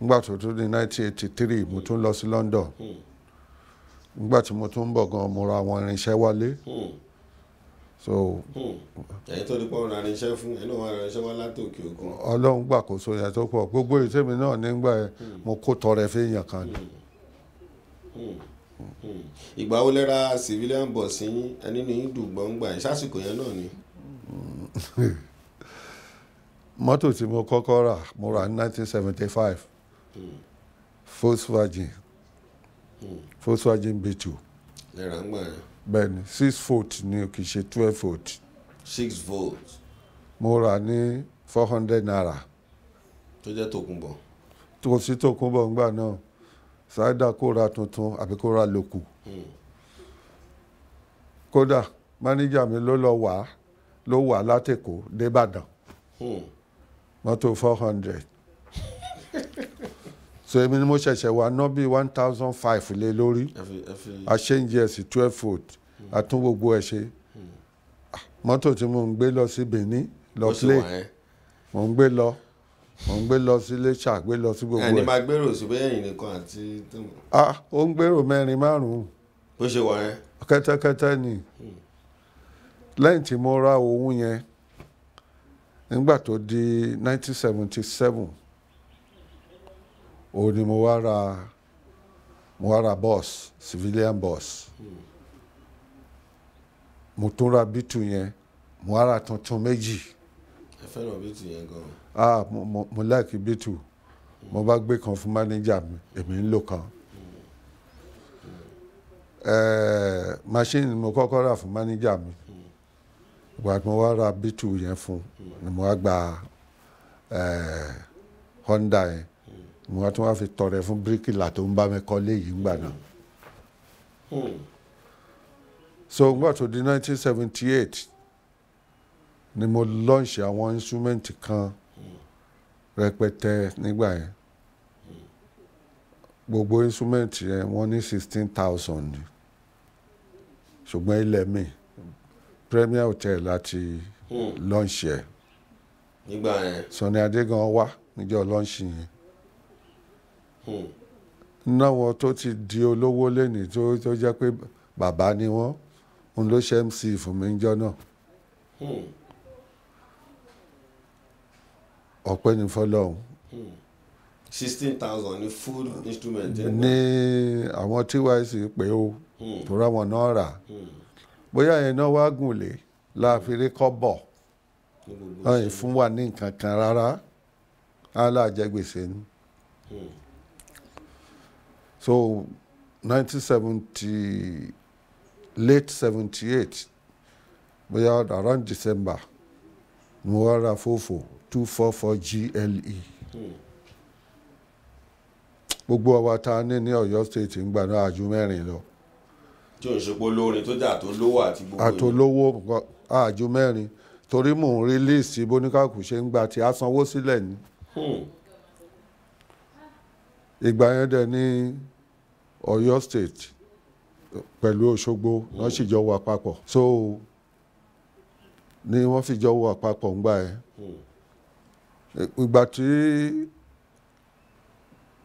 nígbà tó tún di 1983 mo tún lọ sí London nígbà tí mo tún ń bọ̀ gan mo ra àwọn irinṣẹ́ wálé. Hmm. so. Hmm. ẹ̀yin tó ní pọ́n ra fún ẹ̀ náà wà ra wá láti òkè òkun. ọlọ́run gbàkóso yẹn tó pọ̀ gbogbo ìsẹ́mi náà nígbà yẹn hmm. mo kó tọrẹ fẹ́yàn kan ni. Hmm. ìgbà wo lẹ́ra civilian bọ̀ sí ẹni ní gbọ̀ngbà yẹn sásìkò yẹn náà ni. mọ́tò tí mo kọ́kọ́ rà mo rà ní nineteen seventy five Volkswagen Volkswagen B two. lẹ́ra ń gbà yẹn. bẹ́ẹ̀ni six volt ni kì í ṣe twelve volt. six volt. mo rà ní four hundred naira. tó jẹ́ tòkunbọ̀. tó sí tòkunbọ̀ ńgbà náà ṣáídà kó ra tuntun àbí kó ra lòkù. Hmm. kódà máníjà mi ló lọ wà ló wà látẹ̀kọ́ débàdàn. Hmm. mọ́tò four hundred. so èmi ni mo ṣẹ̀ṣẹ̀ wá ná bíi one thousand five lé lórí a change ẹ̀ sí twelve foot hmm. a tún gbogbo ẹ̀ ṣe hmm. ah, mọ́tò tí mo ń gbé lọ sí Benin lọ play mo ń gbé lọ mo ń gbé lọ sí Iléṣà gbé lọ sí gbogbo ẹ̀. ẹni máa gbèrò sí ẹ̀yìn nìkan àti. ah ó ń gbèrò mẹ́rin márùn-ún. bó ṣe wà yẹn. kẹ́tẹ́kẹ́tẹ́ ni hmm. lẹ́yìn tí mo ra òun yẹn nígbà tó di nineteen seventy seven òun ni mo wá ra mo wá ra bus civilian bus mo tún ra bítù yẹn mo wá ra tuntun méjì. ẹ fẹ́ràn bítù yẹn gan. ah mo mo mo láìkí bítù mo bá gbé kan fún mánéjà mi èmi ń lò kan. Eh, machine mo kọ́kọ́ rà fún mánéjà mi ìgbà tí mo wá ra bítù yẹn fún ni mo wá gba eh, Honda yẹn mo wá tún wá fi tọrẹ fún bíríkìlà tó ń bá mi kọ́lé yìí ń gbà náà. Hmm. so ngbà tó di 1978 ni mo launch àwọn instrument kan rẹpẹtẹ nígbà yẹn gbogbo instrument yẹn wọ́n ní sixteen thousand ṣùgbọ́n ilẹ̀ mi Premier Hotel láti hmm. launch yẹn. nígbà ni Sani Adégan wá níjọ́ launch yẹn. Hmm. náwọn tó ti di olówó lẹ́nìí tó tó jẹ́ pé bàbá ni wọ́n òun ló ṣe mc fún mi jọ náà hmm. ọpẹ́ ni fọlọ́run. Hmm. sixteen thousand ní full instrument. ní àwọn tyc pé o tó ráwọn náà rà bóyá yẹn náà wá gùn lé láàfin rí kọ́ bọ̀ ọ̀hìn fún wa ní nǹkan kan rárá alájẹgbèsè ni. Hmm so 1970 late 78 bóyá around December ni mo wá ra fòfò 244 GLE gbogbo ọba tá a ní ní Ọ̀yọ́ state ń gbà náà àjù mẹ́rin lọ. tí òṣèpò olórin tó jà tó lówó àti gbogbo èèyàn. àtolówó àjù mẹ́rin torí mò ń rí líìsì bóníkàkù ṣe ń gba tí a sanwó sílẹ̀ ni. Hmm. ìgbà yẹn dẹ̀ ni. Oyo state pẹ̀lú Òṣogbo wọ́n sì jọ wà papọ̀ so ni wọ́n fi jọ wà ń gbà ẹ̀ ìgbà tí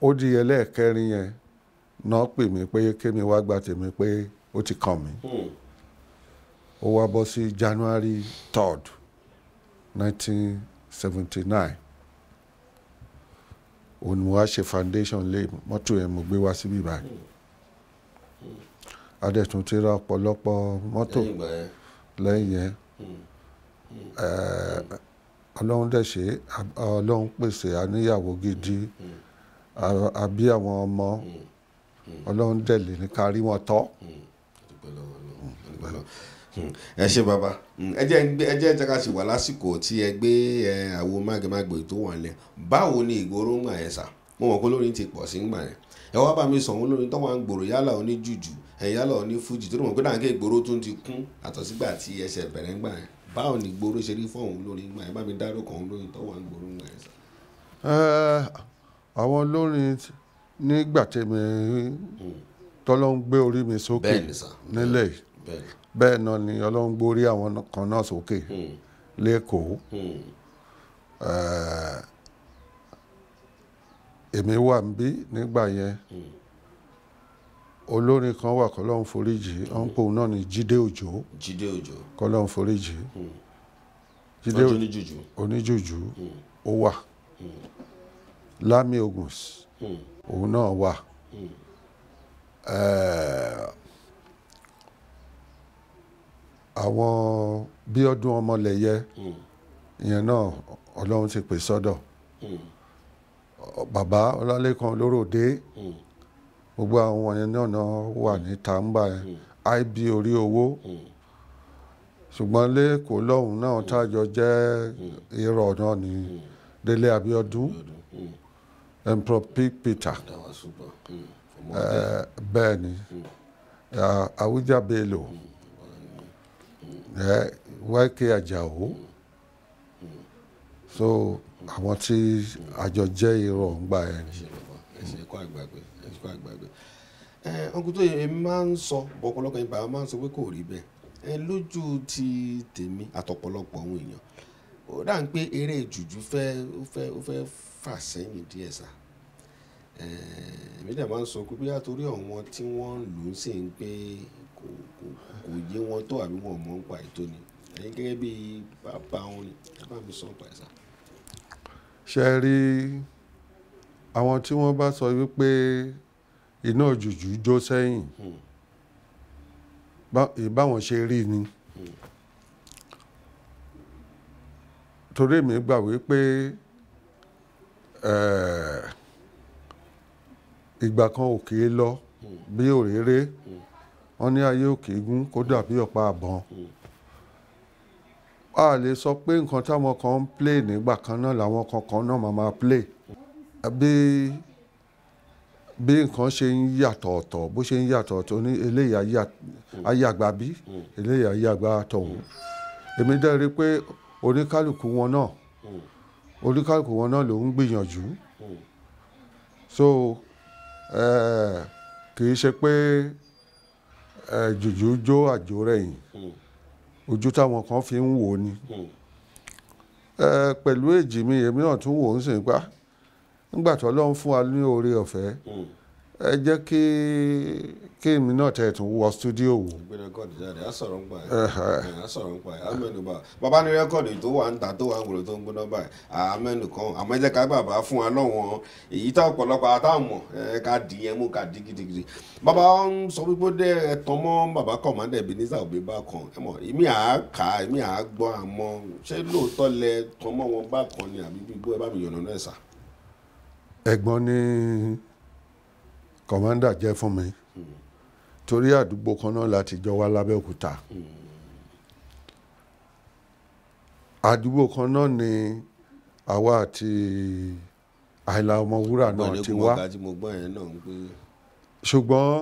ó di ẹlẹ́ẹ̀kẹrin yẹn náà pè mí pé kémi wá gba tèmi pé ó ti kàn mí hmm. ó wá bọ́ sí January 3, 1979. òun wá ṣe foundation lé mọ́tò yẹn mo gbé wá síbí báyìí adẹ̀tún ti ra ọ̀pọ̀lọpọ̀ mọ́tò lẹ́yìn yẹn hmm. eh, ọlọ́run dẹ̀ ṣe ọlọ́run pèsè àníyàwó gidi àbí hmm. hmm. àwọn ọmọ ọlọ́run dẹ̀ lè ní ká rí wọn tọ́. Hmm. ẹ ṣe bàbá hmm. ẹ jẹ́ ẹ jẹ́ ìtaka sì wà lásìkò tí ẹ gbé ẹ àwo mágẹmágbè tó wà lẹ báwo ni ìgboro ń gbà yẹn sà mo mọ̀ pé olórin ti pọ̀ sí ń gbà yẹn ẹ wá bá mi sọ àwọn olórin tó wà ń gbòòrò yálà oní jùjù ẹ yálà oní fújì tó mọ̀ pé dàǹkẹ́ ìgboro tún ti kún àtọ̀sígbà tí ẹsẹ̀ bẹ̀rẹ̀ ń gbà yẹn báwo ni ìgboro ṣe rí fún àwọn olórin gbà yẹn bá hmm. tọ́lọ́ ń gbé orí mi sókè nílẹ̀ bẹ́ẹ̀ náà ni ọlọ́run gbórí àwọn kan náà sókè hmm. lẹ́kọ̀ọ́ hmm. eh, èmi wà níbí nígbà yẹn hmm. olórin kan wà kọlọ́run foríjì ọ̀npọ̀ náà ni Jídé Òjó Jídé Òjó kọlọ́run foríjì Jídé Òjó oníjùjú ó wà Lámì Ògùnsì òun náà wà. Eh, àwọn bí ọdún ọmọlẹ̀yẹ hmm. ìyẹn náà ọlọ́run ti pè sọ́dọ̀ hmm. bàbá ọlálẹ́kan olóròdé hmm. gbogbo àwọn wọ̀nyẹn náà náà wà ní tàǹbà yẹn ib orí owó ṣùgbọ́n lẹ́kọ̀ọ́ lọ́hùn náà tájọ jẹ́ irọ́ náà ní délé abíọ́dún emperor peter eh, bẹ́ẹ̀ ni Awújà Bello. Mm. YK Àjàó so àwọn tí àjọ jẹ́ irọ́ ń gba ẹ̀. ẹ̀sìn ẹ̀kọ́ àgbàgbé ẹ̀kọ́ àgbàgbé ọkùnrin tó yẹ máa ń sọ ọ̀pọ̀lọpọ̀ yẹn bàbá máa ń sọ pé kò rí bẹ́ẹ̀ lójú ti tèmi àtọ̀pọ̀lọpọ̀ àwọn èèyàn ó dà ń pé eré ìjùjú fẹ́ ó fà sẹ́yìn díẹ̀ sá èmi dẹ̀ máa ń sọ pé bí àtòrí àwọn tí wọ́n lù ú sí ń pé kò yé wọn tó àbí wọn mọ̀ nípa ètò ni ẹ̀yin gẹ́gẹ́ bí bàbá wọn ni mi sọ nípa ẹ̀ sá. ṣe rí àwọn tí wọ́n bá sọ wípé iná òjòjú jó sẹ́yìn hmm. báwọn ṣe rí ni hmm. torí mi gbà wípé eh, ìgbà kan ò kì í lọ hmm. bí òréré. Mm wọ́n ní ayé òkè egun kó dàbí ọ̀pá àbọ̀n a lè sọ pé nǹkan táwọn kan ń play nígbà kan náà làwọn kankan náà máa máa play bí bí nǹkan ṣe ń yàtọ̀ ọ̀tọ̀ bó ṣe ń yàtọ̀ ọ̀tọ̀ ní eléyà ayàgbà bí eléyà ayàgbà tọ̀hún èmi dẹ́ rí i pé oníkálukú wọn náà oníkálukú wọn náà ló ń gbìyànjú so eh, kì í ṣe pé. jùjù jó àjò rẹ̀yìn ojú táwọn kan fi ń wò ni pẹ̀lú èjì mi èmi náà tún wò ó sì ń pa nígbà tó lọ́n fún wa ní oore ọ̀fẹ́ ẹ jẹ́ kí kéèmí náà tẹ̀ tún wọ stúdíò wò. gbé rẹ́kọ̀dì jáde á sọ̀rọ̀ ń pa ẹ̀ á sọ̀rọ̀ ń pa ẹ̀ á mẹ́nu bá bàbá ní rẹ́kọ̀dì tó wà ń ta tó wà ń gbòòrò tó ń gbóná báyìí à á mẹ́nu kan àmọ́ ẹ̀jẹ̀ ká bàbá fún wa lọ́wọ́n èyí tá ọ̀pọ̀lọpọ̀ àtàwọn ká dì yẹn mú ká dì gidigidi. bàbá ń sọ wípé dé ẹ̀tàn mọ́ bàbá kọ̀mọ́dé Ebenezer Obey bákan ẹ̀mọ́ èmi à á kà á èmi à á gbọ́ àmọ́ ṣé lóòótọ́ lẹ tọmọ fún mi torí àdúgbò kan náà láti jọ wá lábẹ́òkúta àdúgbò kan náà ni àwa àti àìlà ọmọwúrà náà ti wá ṣùgbọ́n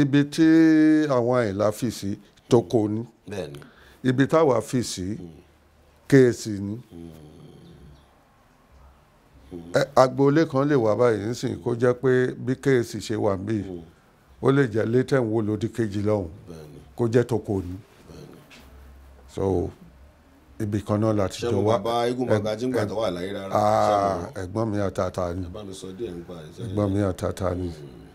ibi tí àwọn àìlà fi sí toko ni ibi táwa fi sí kéèsì ni hmm. agboolé kan lè wà báyìí nísìnyí kó jẹ́ pé bí kéèsì ṣe wà níbí. Hmm ó lè jẹ́ létẹ̀ ń wo lòdì kejì lọ́hùn kó jẹ́ tó kò ní so ibì kan náà láti jọ wá ah, ẹ̀gbọ́n mi àtàtà ni ẹ̀gbọ́n mi àtàtà ni hmm.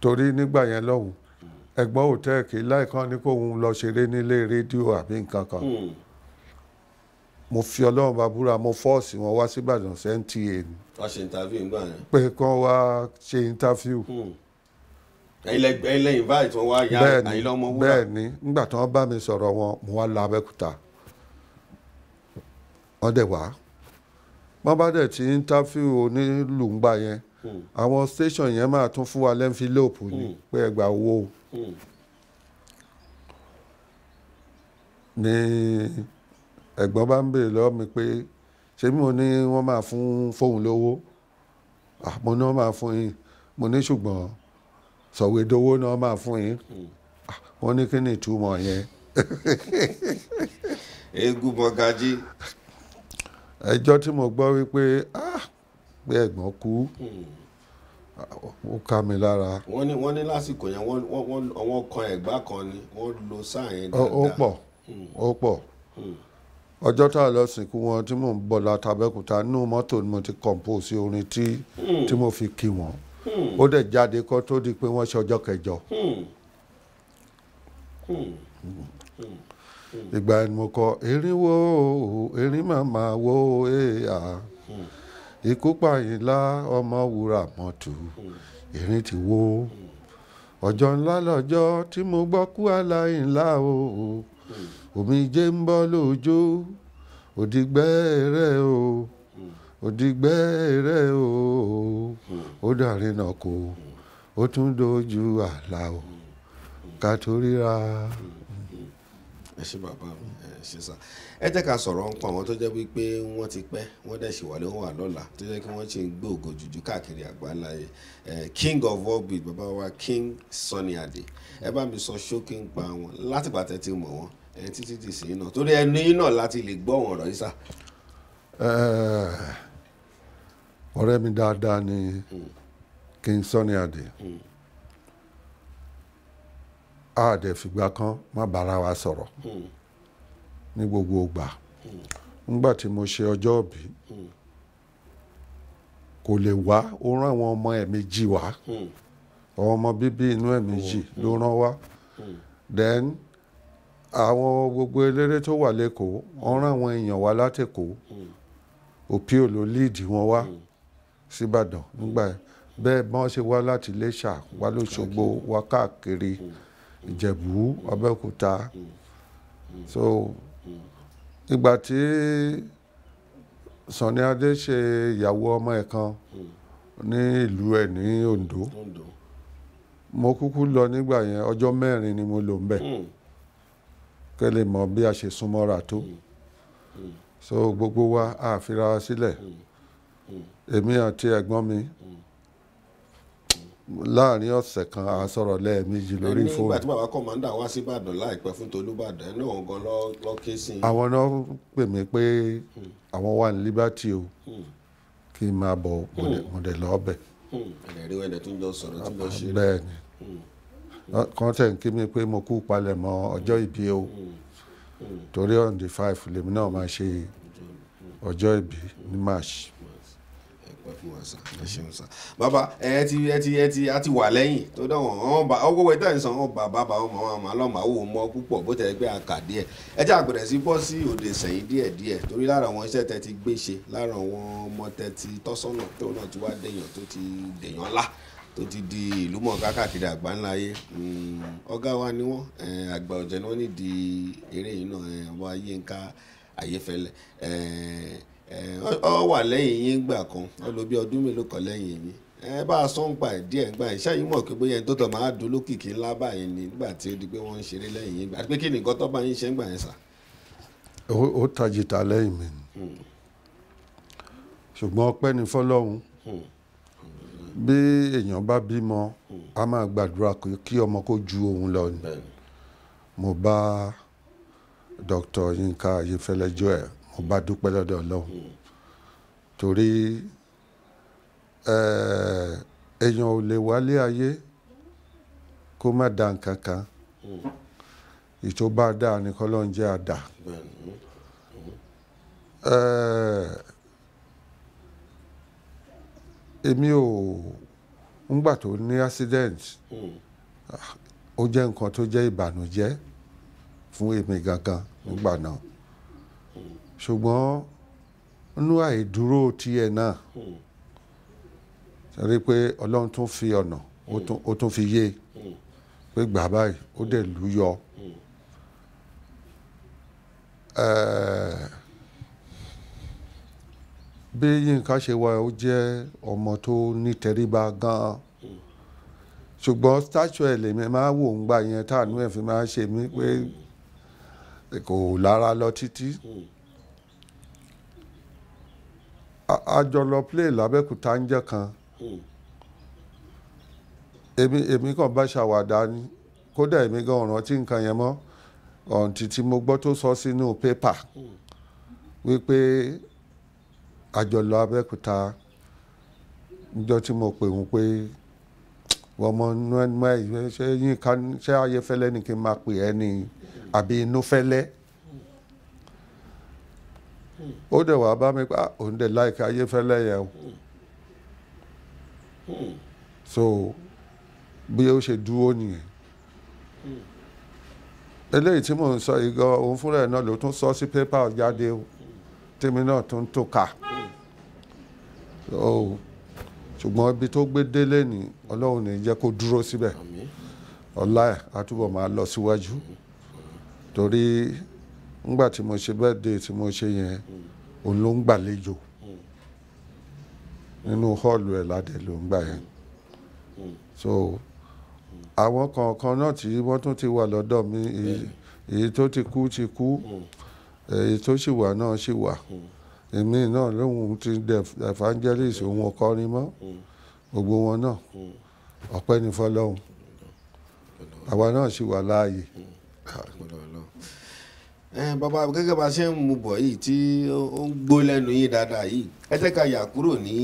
torí nígbà yẹn lọ́hùn hmm. ẹ̀gbọ́n òtẹ́ẹ̀kì láìkan ní kó òun lọ ṣeré nílé rédíò àbí nǹkan kan hmm. mo fi ọlọ́run bá búra mo fọ́ọ̀sì wọn wá síbàdàn sí NTA ni. interview ńgbà yẹn. pé kán wá ṣe interview. Hmm ilẹ̀ invite wọn wá ya àyìnlá ọmọ wúrà. bẹ́ẹ̀ ni nígbà tí wọ́n bá mi sọ̀rọ̀ wọn mo wá la abẹ́kúta wọ́n dẹ̀ wá wọ́n bá dẹ̀ ti interview onílùgbà yẹn hmm. àwọn station yẹn máa tún fún wa lẹ́ńfílòpù ni hmm. pé ẹ owó hmm. ni ẹ̀gbọ́n bá ń béèrè lọ́wọ́ mi pé ṣé mi ò ní wọ́n máa fún fóun lówó àmọ́ ní wọ́n máa fún yín mo ní ṣùgbọ́n sọ̀wédowó náà máa fún yín hmm. ah, wọ́n ní kí ni ìtumọ̀ yẹn. eégún mọ̀gájí. ẹjọ́ tí mo gbọ́ wípé ah, pé ẹ̀gbọ́n kú hmm. ó ká mi lára. wọ́n ní wọ́n ní lásìkò yẹn wọ́n kan ẹ̀gbá kan ni wọ́n lo sáà yẹn dáadáa. Hmm. ó pọ̀ ó pọ̀ ọjọ́ tá a lọ sìnkú wọn tí mò ń bọ̀ látàbẹ́kúta nínú mọ́tò ni mo ti compose orin tí mo fi kí wọn. Hmm. ó dẹ̀ jáde kó tó di pé wọ́n ṣe ọjọ́ kẹjọ hmm. Hmm. ìgbà ni mo kọ erin wo erin màmá wo eya. ikú pàyìnlá ọmọ wúrà mọ́tò erin ti wo ọjọ́ ńlá lọ́jọ́ tí mo gbọ́ kú aláìnlá o omijé ń bọ́ lójó òdìgbẹ́ rẹ̀ o. Mm. òdìgbẹ́ rẹ o ó dàrínà kó o tún dojú àlà o ká tó ríra. ẹ ṣe bàbá mi ẹ ṣe sá ẹ jẹ́ ká sọ̀rọ̀ ń pa àwọn tó jẹ́ wípé wọ́n ti pẹ́ wọ́n dẹ̀ ṣì wà lé wọn wà lọ́la tó jẹ́ kí wọ́n ṣe ń gbé ògo jùjú káàkiri àgbáńlá yẹn king of all beat bàbá wa king Sunny Ade. ẹ bá mi sọ ṣókí ń pa wọn látìgbà tẹ́ ti mọ̀ wọ́n títí dì sí iná torí ẹni náà láti lè gbọ́ wọn ọ̀rọ̀ yìí sá ọ̀rẹ́ mi dáadáa ni King Sunny Adé a dẹ̀ fìgbà kan má bára wa sọ̀rọ̀ ní gbogbo ìgbà nígbà tí mo ṣe ọjọ́ òbí kò lè wá ó rán àwọn ọmọ ẹ̀ méjì wá ọmọ bíbí inú ẹ̀ méjì ló rán wá then àwọn gbogbo eléré tó wà lẹ́kọ̀ọ́ wọ́n rán àwọn èèyàn wá látẹ̀kọ́ òpí ló líìdì wọn wá. Mm síbàdàn nígbà yẹn bẹ́ẹ̀ bọ́n ṣe wá láti Iléṣà wá lóṣogbo wá káàkiri Ìjẹ̀bú Abẹ́òkúta so ìgbà tí Sunny Adé ṣe ìyàwó ọmọ ẹ̀ kan ní ìlú ẹ̀ ní Ondo mo kúkú lọ nígbà yẹn ọjọ́ mẹ́rin ni mo lò ń bẹ̀ hmm. kẹ́ lè mọ̀ bí a ṣe súnmọ́ra tó hmm. Hmm. so gbogbo wa àfira sílẹ̀ èmi àti ẹ̀gbọ́n mi láàrin ọ̀sẹ̀ kan a ń sọ̀rọ̀ lẹ́ẹ̀mejì lórí fóònù. nígbà tí bàbá kọ́mándà wá sí Ìbàdàn láìpẹ́ fún Tolúbàdàn náà wọn gan lọ ké sí i. àwọn náà pè mí pé hmm. àwọn wà ní Liberty o hmm. kí n máa bọ̀ mo dẹ̀ hmm. lọ bẹ̀. ẹ̀rí wẹ̀dẹ̀ tún jọ sọ̀rọ̀ tún jọ ṣe. bẹ́ẹ̀ni kọ́ńtẹ̀ ń kí mi pé mo kú palẹ̀ mọ́ ọjọ́ ìbí o torí on the five lèmi náà máa ṣe ọjọ́ ìbí ní March dúpẹ́ fún wa sàn ẹ ṣeun sàn bàbá ẹ ti ẹ ti ẹ ti a ti wà lẹ́yìn tó dáwọn ọ̀hún bá ọgbọ́n wẹ̀ tá ìsàn ọ̀hún bá bàbá ọmọ àwọn àlọ́mọ àwò mọ́ púpọ̀ bó tẹ̀lé pé a kà díẹ̀ ẹ jẹ́ àgbẹ̀rẹ̀ sí bọ́ sí òde sẹ́yìn díẹ̀ díẹ̀ torí lára àwọn iṣẹ́ tẹ ti gbé ṣe lára àwọn ọmọ tẹ ti tọ́sọ́nà tó náà ti wá dèèyàn tó ti dèèyàn lá tó ti di ìlú mọ̀ọ́ká káàkiri àgbà ńlá ayé hmm, ọ̀gá wa ni wọ́n àgbà ọ̀jẹ̀ ni wọ́n nídìí eré yìí náà ọba Yínká Ayéfẹ́lẹ́ ọ wà lẹ́yìn yín gbà kan ọ lò bí ọdún mélòó kan lẹ́yìn yín ẹ bá a sọ ń pa ìdí ẹ̀ ń gbà iṣẹ́ yìí mọ̀ pé bóyá ẹni tó tọ̀ máa dún lókìkí ńlá báyìí ni nígbà tí ó di pé wọ́n ń ṣeré lẹ́yìn yín gbà pé kí nìkan tó bá yín ṣe ń gbà yẹn sà. ó tajìta lẹ́yìn mi ni hmm. ṣùgbọ́n ọpẹ́ ni fọlọ́run hmm. bí èèyàn bá bímọ a máa gbàdúrà kí ọmọ kó ju òun lọ ni mo bá Dr. Yinka Ayefẹlẹ Joel ọba dúpẹ́ lọ́dọ̀ ọlọ́run torí eh, èèyàn ò lè wálé ayé kó má da nǹkan kan ìtòbá dáa ni kọ́lọ́n jẹ́ àdá eh, èmi ò ńgbà tó ní accident ó jẹ́ nǹkan tó jẹ́ ìbànújẹ́ fún èmi gangan nígbà náà ṣùgbọ́n nínú àìdúró tiẹ̀ náà rí i pé ọlọ́run tún fi ọ̀nà ó tún fi yé pé gbà báyìí ó dẹ̀ lù yọ. bí Yínká ṣe wà ó jẹ́ ọmọ tó nítẹríba gan-an ṣùgbọ́n statue ẹ̀ lèmi máa wò ń gbà yẹn táànú ẹ̀ fi máa ṣe mí pé kò lára lọ títí. Mm àjọ lọ play lábẹ́kúta ń jẹ́ kan hmm. èmi èmi kàn bá ṣàwàdà ni kódà èmi gan ọ̀ràn tí nǹkan yẹn mọ́ ọ̀n títí mo gbọ́ tó sọ sínú pépà hmm. wípé àjọlọ abẹ́kúta níjọ́ tí mo pè wọ́n pé wọ́n mọ inú ẹ̀ ṣé yín ká ṣé ayé fẹ́lẹ́ ni kí n máa pè ẹ́ ni àbí inú fẹ́lẹ́ ó dẹ̀ wá bá mi pa ah, òun dẹ̀ láìka ayéfẹ́lẹ́ yẹn o so bí ó ṣe dúró nìyẹn eléyìí tí mò ń sọ yìí gan òun fúnra ẹ̀ náà ló tún sọ sí pépà jáde tèmi náà tún tó kà ṣùgbọ́n ibi tó gbé délé ni ọlọ́run ní jẹ́ kó dúró síbẹ̀ ọlá ẹ̀ á máa lọ síwájú torí ńgbà tí mo ṣe birthday tí mo ṣe yẹn òun ló ń gbàlejò nínú họ́ọ̀lù ẹ̀ ládẹ ló ń gbà yẹn so àwọn kọ̀ọ̀kan náà tí wọ́n tún ti wà lọ́dọ̀ mi èyí tó ti kú ti kú èyí tó sì wà náà sì wà èmi náà lóhun ti dẹ evangelist òun ọkọrin mọ́ gbogbo wọn náà ọpẹ́ ní fọ́lọ́run àwa náà sì wà láàyè. Eh, bàbá gẹ́gẹ́ bá ṣe ń mu bọ̀ yìí tí ó ń gbó lẹ́nu yín dáadáa yìí ẹ jẹ́ ká yà kúrò ní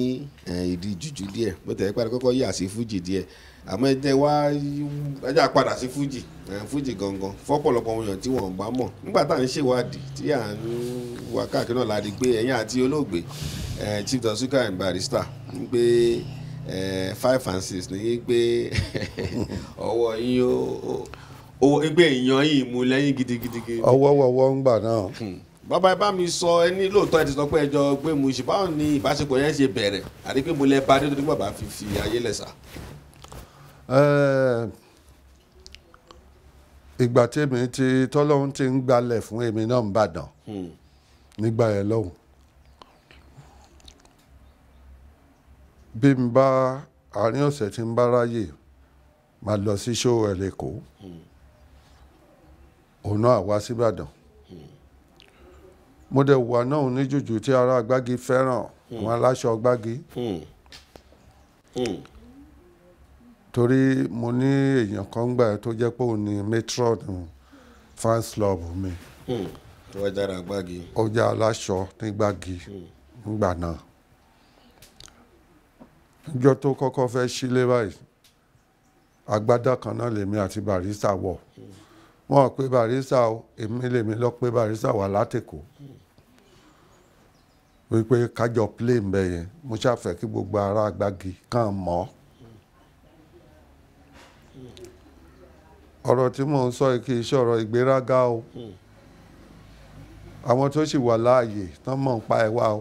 eh, ìdí jùjú díẹ̀ bó tẹ̀ ẹ́ parí kọ́kọ́ yà sí fújì díẹ̀ àmọ́ ẹ jẹ́ wá ẹ jẹ́ àpadà sí fújì eh, fújì gangan fọ́pọ̀lọpọ̀ èèyàn tí wọ́n bá mọ̀ nígbà tá à ń ṣèwádìí tí à ń wá káàkiri náà láti gbé ẹ̀yìn àti olóògbé Chief Dasuka and Barrister ń gbé five and six ní gbé ọwọ́ yín ó owó ẹgbẹ́ èèyàn yìí mú lẹ́yìn gidigidi. ọwọ́ wọ̀wọ́ ń gbà náà. Hmm. bàbá ẹ bá mi sọ ẹ lóòótọ́ ẹ ti sọ pé ẹ jọ pé ṣe báwo ni ìbáṣepọ̀ yẹn ṣe bẹ̀rẹ̀ àti pé mo lẹ bá dé torí bàbá fi fi ayé lẹ̀ sà. ìgbà tèmi ti tọ́lọ́hún ti ń gbalẹ̀ fún èmi náà ń bàdàn hmm. nígbà yẹn lọ́hùn bí n bá àárín ọ̀sẹ̀ tí n bá ráyè máa lọ sí ṣó ẹ̀ lẹ́kọ̀ọ́ òun náà wá síbàdàn mo dẹ̀ wà náà ní jùjù tí ará gbági fẹ́ràn àwọn aláṣọ gbági torí mo ní èèyàn kan gbà tó jẹ́ pé òun ni matron fans club mi. Hmm ó jára gbági. aláṣọ ní gbági nígbà náà níjọ́ tó kọ́kọ́ fẹ́ sílé báyìí agbádá kan náà lèmi àti barista wọ̀ wọ́n pe barisa o èmi lèmi lọ pe barisa wà látìkù wípé kájọ plane bẹ yẹn mo ṣàfẹ́ kí gbogbo ara gbági kàn mọ́ ọ̀rọ̀ tí mò ń sọ yìí kì í ṣọ̀rọ̀ ìgbéraga o àwọn tó sì wà láàyè tán mọ̀ ń pa ẹ̀ wá o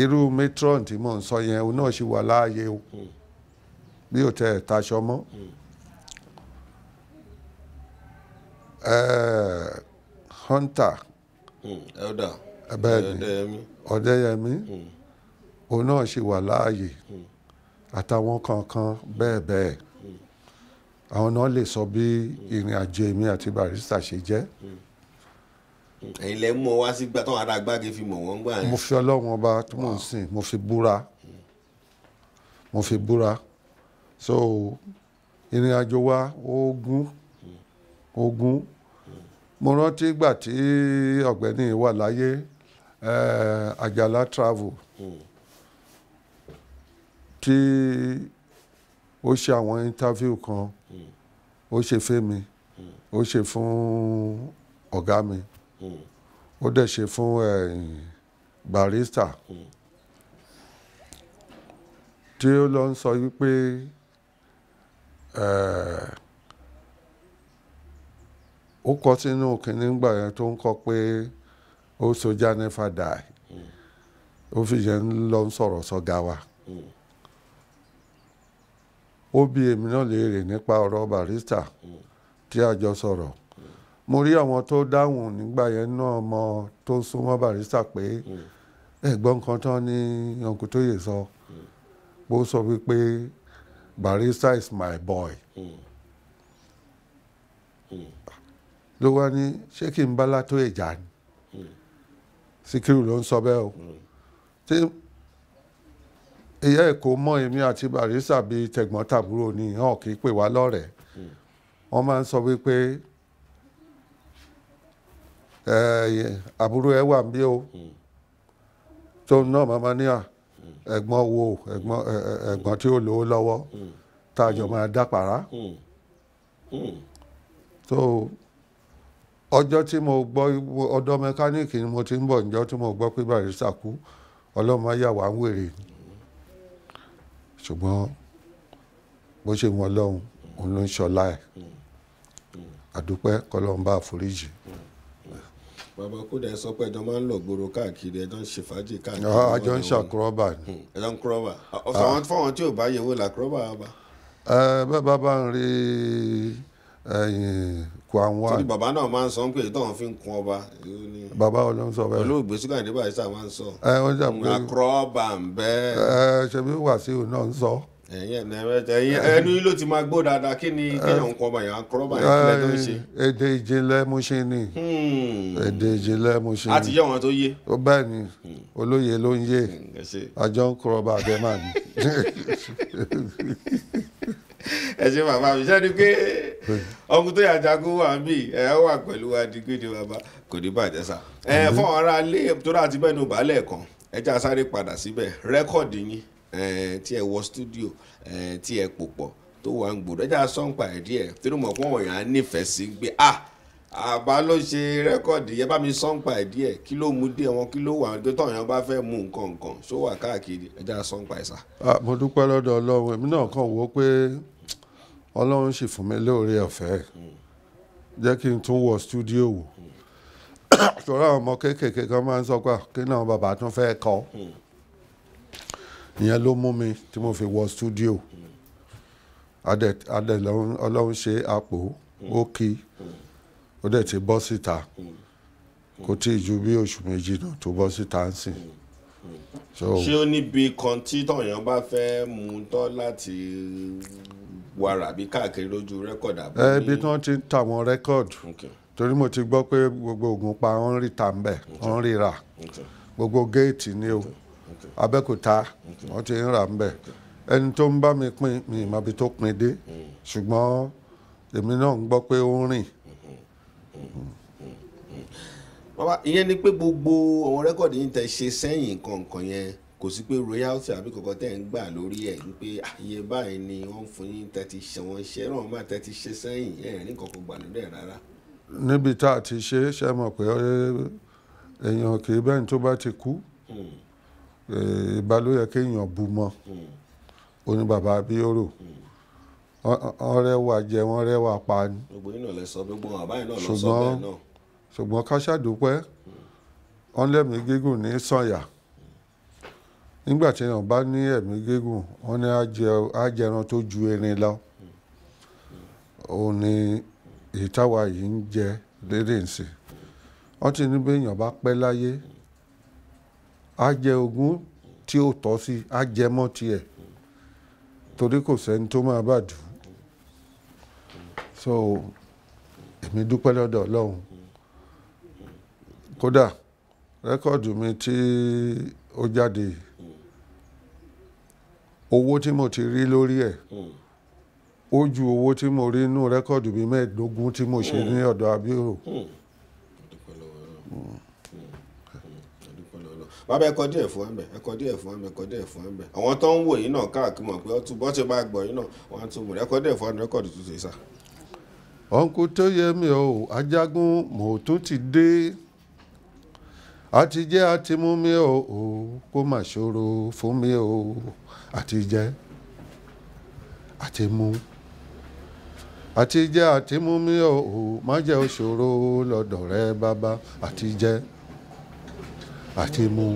irú matron tí mò ń sọ yẹn o náà sì wà láàyè o bí ò tẹ̀ ẹ̀ taṣọ mọ́. Mm. Eh, hunter hmm, bẹ́ẹ̀ni ọ̀dẹ́yẹmí hmm. òun náà ṣì wà láàyè hmm. àtàwọn kankan bẹ́ẹ̀ bẹ́ẹ̀ àwọn náà lè sọ bí ìrìn àjò èmi àti barista ṣe jẹ́. ẹ̀yin lẹ mọ̀ wá sí gbà táwọn ará gbági fi mọ̀ wọ́n gbà yẹn. mo fi ọlọ́run ọba tí mò ń sìn mo fi búra mo fi búra so ìrìn àjò wa ó gún ó gún mo rántí ìgbà tí ọ̀gbẹ́ni wà láyé àjàlá travel tí ó ṣe àwọn interview kan ó ṣe fẹ́mi ó ṣe fún ọ̀gá mi ó dẹ̀ ṣe fún barista tí ó lọ sọ wípé ó kọ sínú kínní gbà yẹn tó ń kọ pé ó sójà nífà dà ó fi yẹn lọ ń sọ̀rọ̀ sọ́gá wa ó bi èmi náà léèrè nípa ọ̀rọ̀ barista tí a jọ sọ̀rọ̀ mo rí àwọn tó dáhùn nígbà yẹn náà mọ tó súnmọ́ barista pé ẹ̀gbọ́n nǹkan tán ní ọ̀nkútóyè sọ bó sọ wípé barista is my boy. ló wá ní ṣé kí n bá látó ìjà ni Síkírù ló ń sọ bẹ́ẹ̀ o tí ìyá èkó mọ èmi àti Barrister bíi tẹ̀gbọ́n-tàbúrò ni hàn kì í pè wá lọ́rẹ̀ẹ́ wọ́n máa ń sọ wípé àbúrò ẹ wà níbí o tó náà màmá ní à ẹ̀gbọ́n wo ẹ̀gbọ́n tí ó lówó lọ́wọ́ tá a jọ máa dápàrá. Hmm. Hmm. so ọjọ́ tí mo gbọ́ ọ̀dọ̀ mẹkáníìkì ni mo ti ń bọ̀ ǹjọ́ tí mo gbọ́ pé ọlọ́mọ yà wá ń wèrè ni ṣùgbọ́n bó ṣe wọn lọ́hùn òun ló ń ṣọlá ẹ̀ àdúpẹ́ kọlọ́run bá àforíjì. bàbá kúdà ẹ sọ pé ẹjọ́ máa ń lọ gbòòrò káàkiri ẹ ah, ah. bá bá eh, kwanwa. torí bàbá náà máa ń sọ pé tóun fi ń kun ọba. bàbá wọn ló ń sọ bẹ́ẹ̀. pẹ̀lú ìgbésùn kan nígbà yìí máa ń sọ. ẹ wọ́n jà pé àkọ́ọ̀bà ń bẹ́. ẹ ṣe bí Wàsíù náà ń sọ. ẹyin ẹnu yìí ló ti máa gbó dáadáa kí ni kéèyàn ń kọ ọba yẹn àkọ́ọ̀bà yẹn kílẹ̀ tó ń ṣe. èdè ìjìnlẹ̀ mú ṣe ni. Hmm. èdè ìjìnlẹ̀ mú ṣe ni. a ti yẹ wọn tó yé. bẹ́ẹ̀ ni. Hmm. ẹ ṣe bàbá mi ṣáà ni pé ọkùnrin tó yà jagun wà mí ẹ wà pẹ̀lú wa di gbèdé bàbá kò ní bàjẹ́ sá. ẹ fún àwọn ará ilé torí àti bẹ́ẹ̀ ni òbálẹ̀ kan ẹ já sáré padà síbẹ̀ rẹ́kọ̀dì yín tí ẹ wọ stúdíò tí ẹ pò pọ̀ tó wà ń gbòdò ẹ já sọ́ǹpà ẹ̀ díẹ̀ torí mọ̀ pé wọ̀nyí á nífẹ̀ẹ́ sí gbé ah àbá ló ṣe rẹ́kọ̀dì yẹ bá mi sọ́ǹpà ẹ̀ díẹ̀ kí ló mú dé wọn kí ló wà tó tọ̀ yẹn bá fẹ́ mú nǹkan nǹkan ṣó wà káàkiri ẹja sọ́ǹpà ẹ̀ sà. Ah, mo dúpẹ́ lọ́dọ̀ ọlọ́run èmi náà kàn wò ó pé ọlọ́run sì fún mi lóore ọ̀fẹ́ jẹ́ kí n tún wọ stúdíò wò ṣọ́ra àwọn ọmọ kéékèèké kan máa ń sọ pé ah, kí náà bàbá tún fẹ́ kọ́ ìyẹn ló mú mi tí mo fi wọ stúdíò adẹ̀ ọlọ́run ṣe àpò ó kí. Mm dẹ̀ ti bọ́ síta kò tí ì ju bí oṣù méjì náà tó bọ́ síta ń sìn. ṣé ó níbi kan tí tọ̀yàn bá fẹ́ mú tán láti wàrà bí káàkiri lójú rẹ́kọ̀dì àbí. ẹ ibi tí ti ń ta àwọn rẹ́kọ̀dì torí mo ti gbọ́ pé gbogbo ògùn pa ń rí ta ń bẹ̀ ń ríra gbogbo géètì ni o Abẹ́òkúta wọ́n ti ń rà ń bẹ̀ ẹni tó ń bá mi pín mi ìmọ̀bi tó pín dé mm. ṣùgbọ́n èmi náà ń gbọ́ pé ó ń rìn bàbá ìyẹn ni pé gbogbo àwọn rẹ́kọ̀dì yìí tẹ ṣe sẹ́yìn nǹkan yẹn kò sí pé royalty àbí kankan tẹ̀ ń gbà lórí ẹ̀ wípé ah, iye báyìí ni wọ́n fún yín tẹ́tí ṣe wọ́n ṣe ràn má tẹ́tí ṣe sẹ́yìn ẹ̀ ní kankan gbà lórí ẹ̀ rárá. níbi tá a ti ṣe é ṣe mọ̀ pé èèyàn kì í bẹ́ẹ̀ tó bá ti kú hmm. ìbá kéèyàn bù mọ́ oní hmm. bàbá Mm ọrẹwà jẹ̀wọ́n rẹwà pa ni. gbogbo yìí náà lẹ sọ gbogbo àbá yìí náà lọ sọ bẹ́ẹ̀ náà. ṣùgbọ́n ká ṣàdúpẹ́ wọ́n lẹ́mí gígùn ní sànyà nígbà tí èèyàn bá ní ẹ̀mí gígùn wọ́n ní ajẹran tó ju erin lọ òun ni ìtawà yìí ń jẹ lédè nsìn wọ́n ti ní bí èèyàn bá pẹ́ láyé á jẹ tí ó tọ́ sí á tiẹ̀ torí kò sẹ́ni tó máa bá dùn so èmi dúpẹ́ lọ́dọ̀ ọlọ́run kódà rẹ́kọ̀dù mi tí ó jáde owó tí mo ti rí lórí ẹ̀ ó ju owó tí mo rí nínú rẹ́kọ̀dù bíi mẹ́ẹ̀ẹ́dógún tí mo ṣe ní ọ̀dọ̀ abirò. bàbá ẹ kọ díẹ̀ fún ẹmẹ ẹ kọ díẹ̀ fún ẹmẹ ẹ kọ díẹ̀ fún ẹmẹ àwọn tó ń wò yín náà káàkiri mọ̀ pé ọtún bọ́ ṣe máa gbọ́ yín náà wọ́n á tún mú rẹ́kọ̀dù ẹ̀ fún ẹmẹ rẹ́kọ̀dù tuntun yìí sá ọ̀nkú tó yẹ mi o ajagun mo tún ti dé àtijẹ́ àtimú mi o kó má ṣòro fún mi o àtijẹ́ àtimú àtijẹ́ àtimú mi o má jẹ́ òṣòro lọ́dọ̀ rẹ bàbá àtijẹ́ àtimú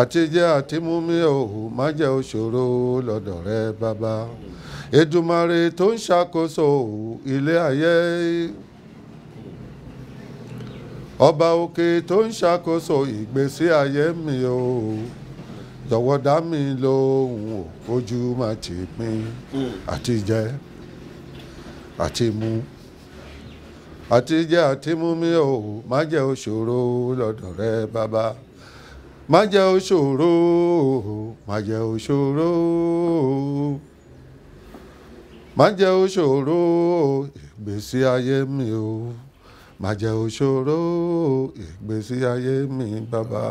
àtijẹ́ àtimú mi o má jẹ́ òṣòro lọ́dọ̀ rẹ bàbá. Edumare tó ń ṣàkóso ilé ayé ọba òkè tó ń ṣàkóso ìgbésí ayé mi o jọ̀wọ́ dá mi lóhùn o ojú má ti pin àti jẹ àti mu àti jẹ àti mu mi o má jẹ́ òṣòro lọ́dọ̀ rẹ bàbá má jẹ́ òṣòro má jẹ́ òṣòro má jẹ́ ó ṣòro ìgbésí ayé mi o má jẹ́ ó ṣòro ìgbésí ayé mi bàbá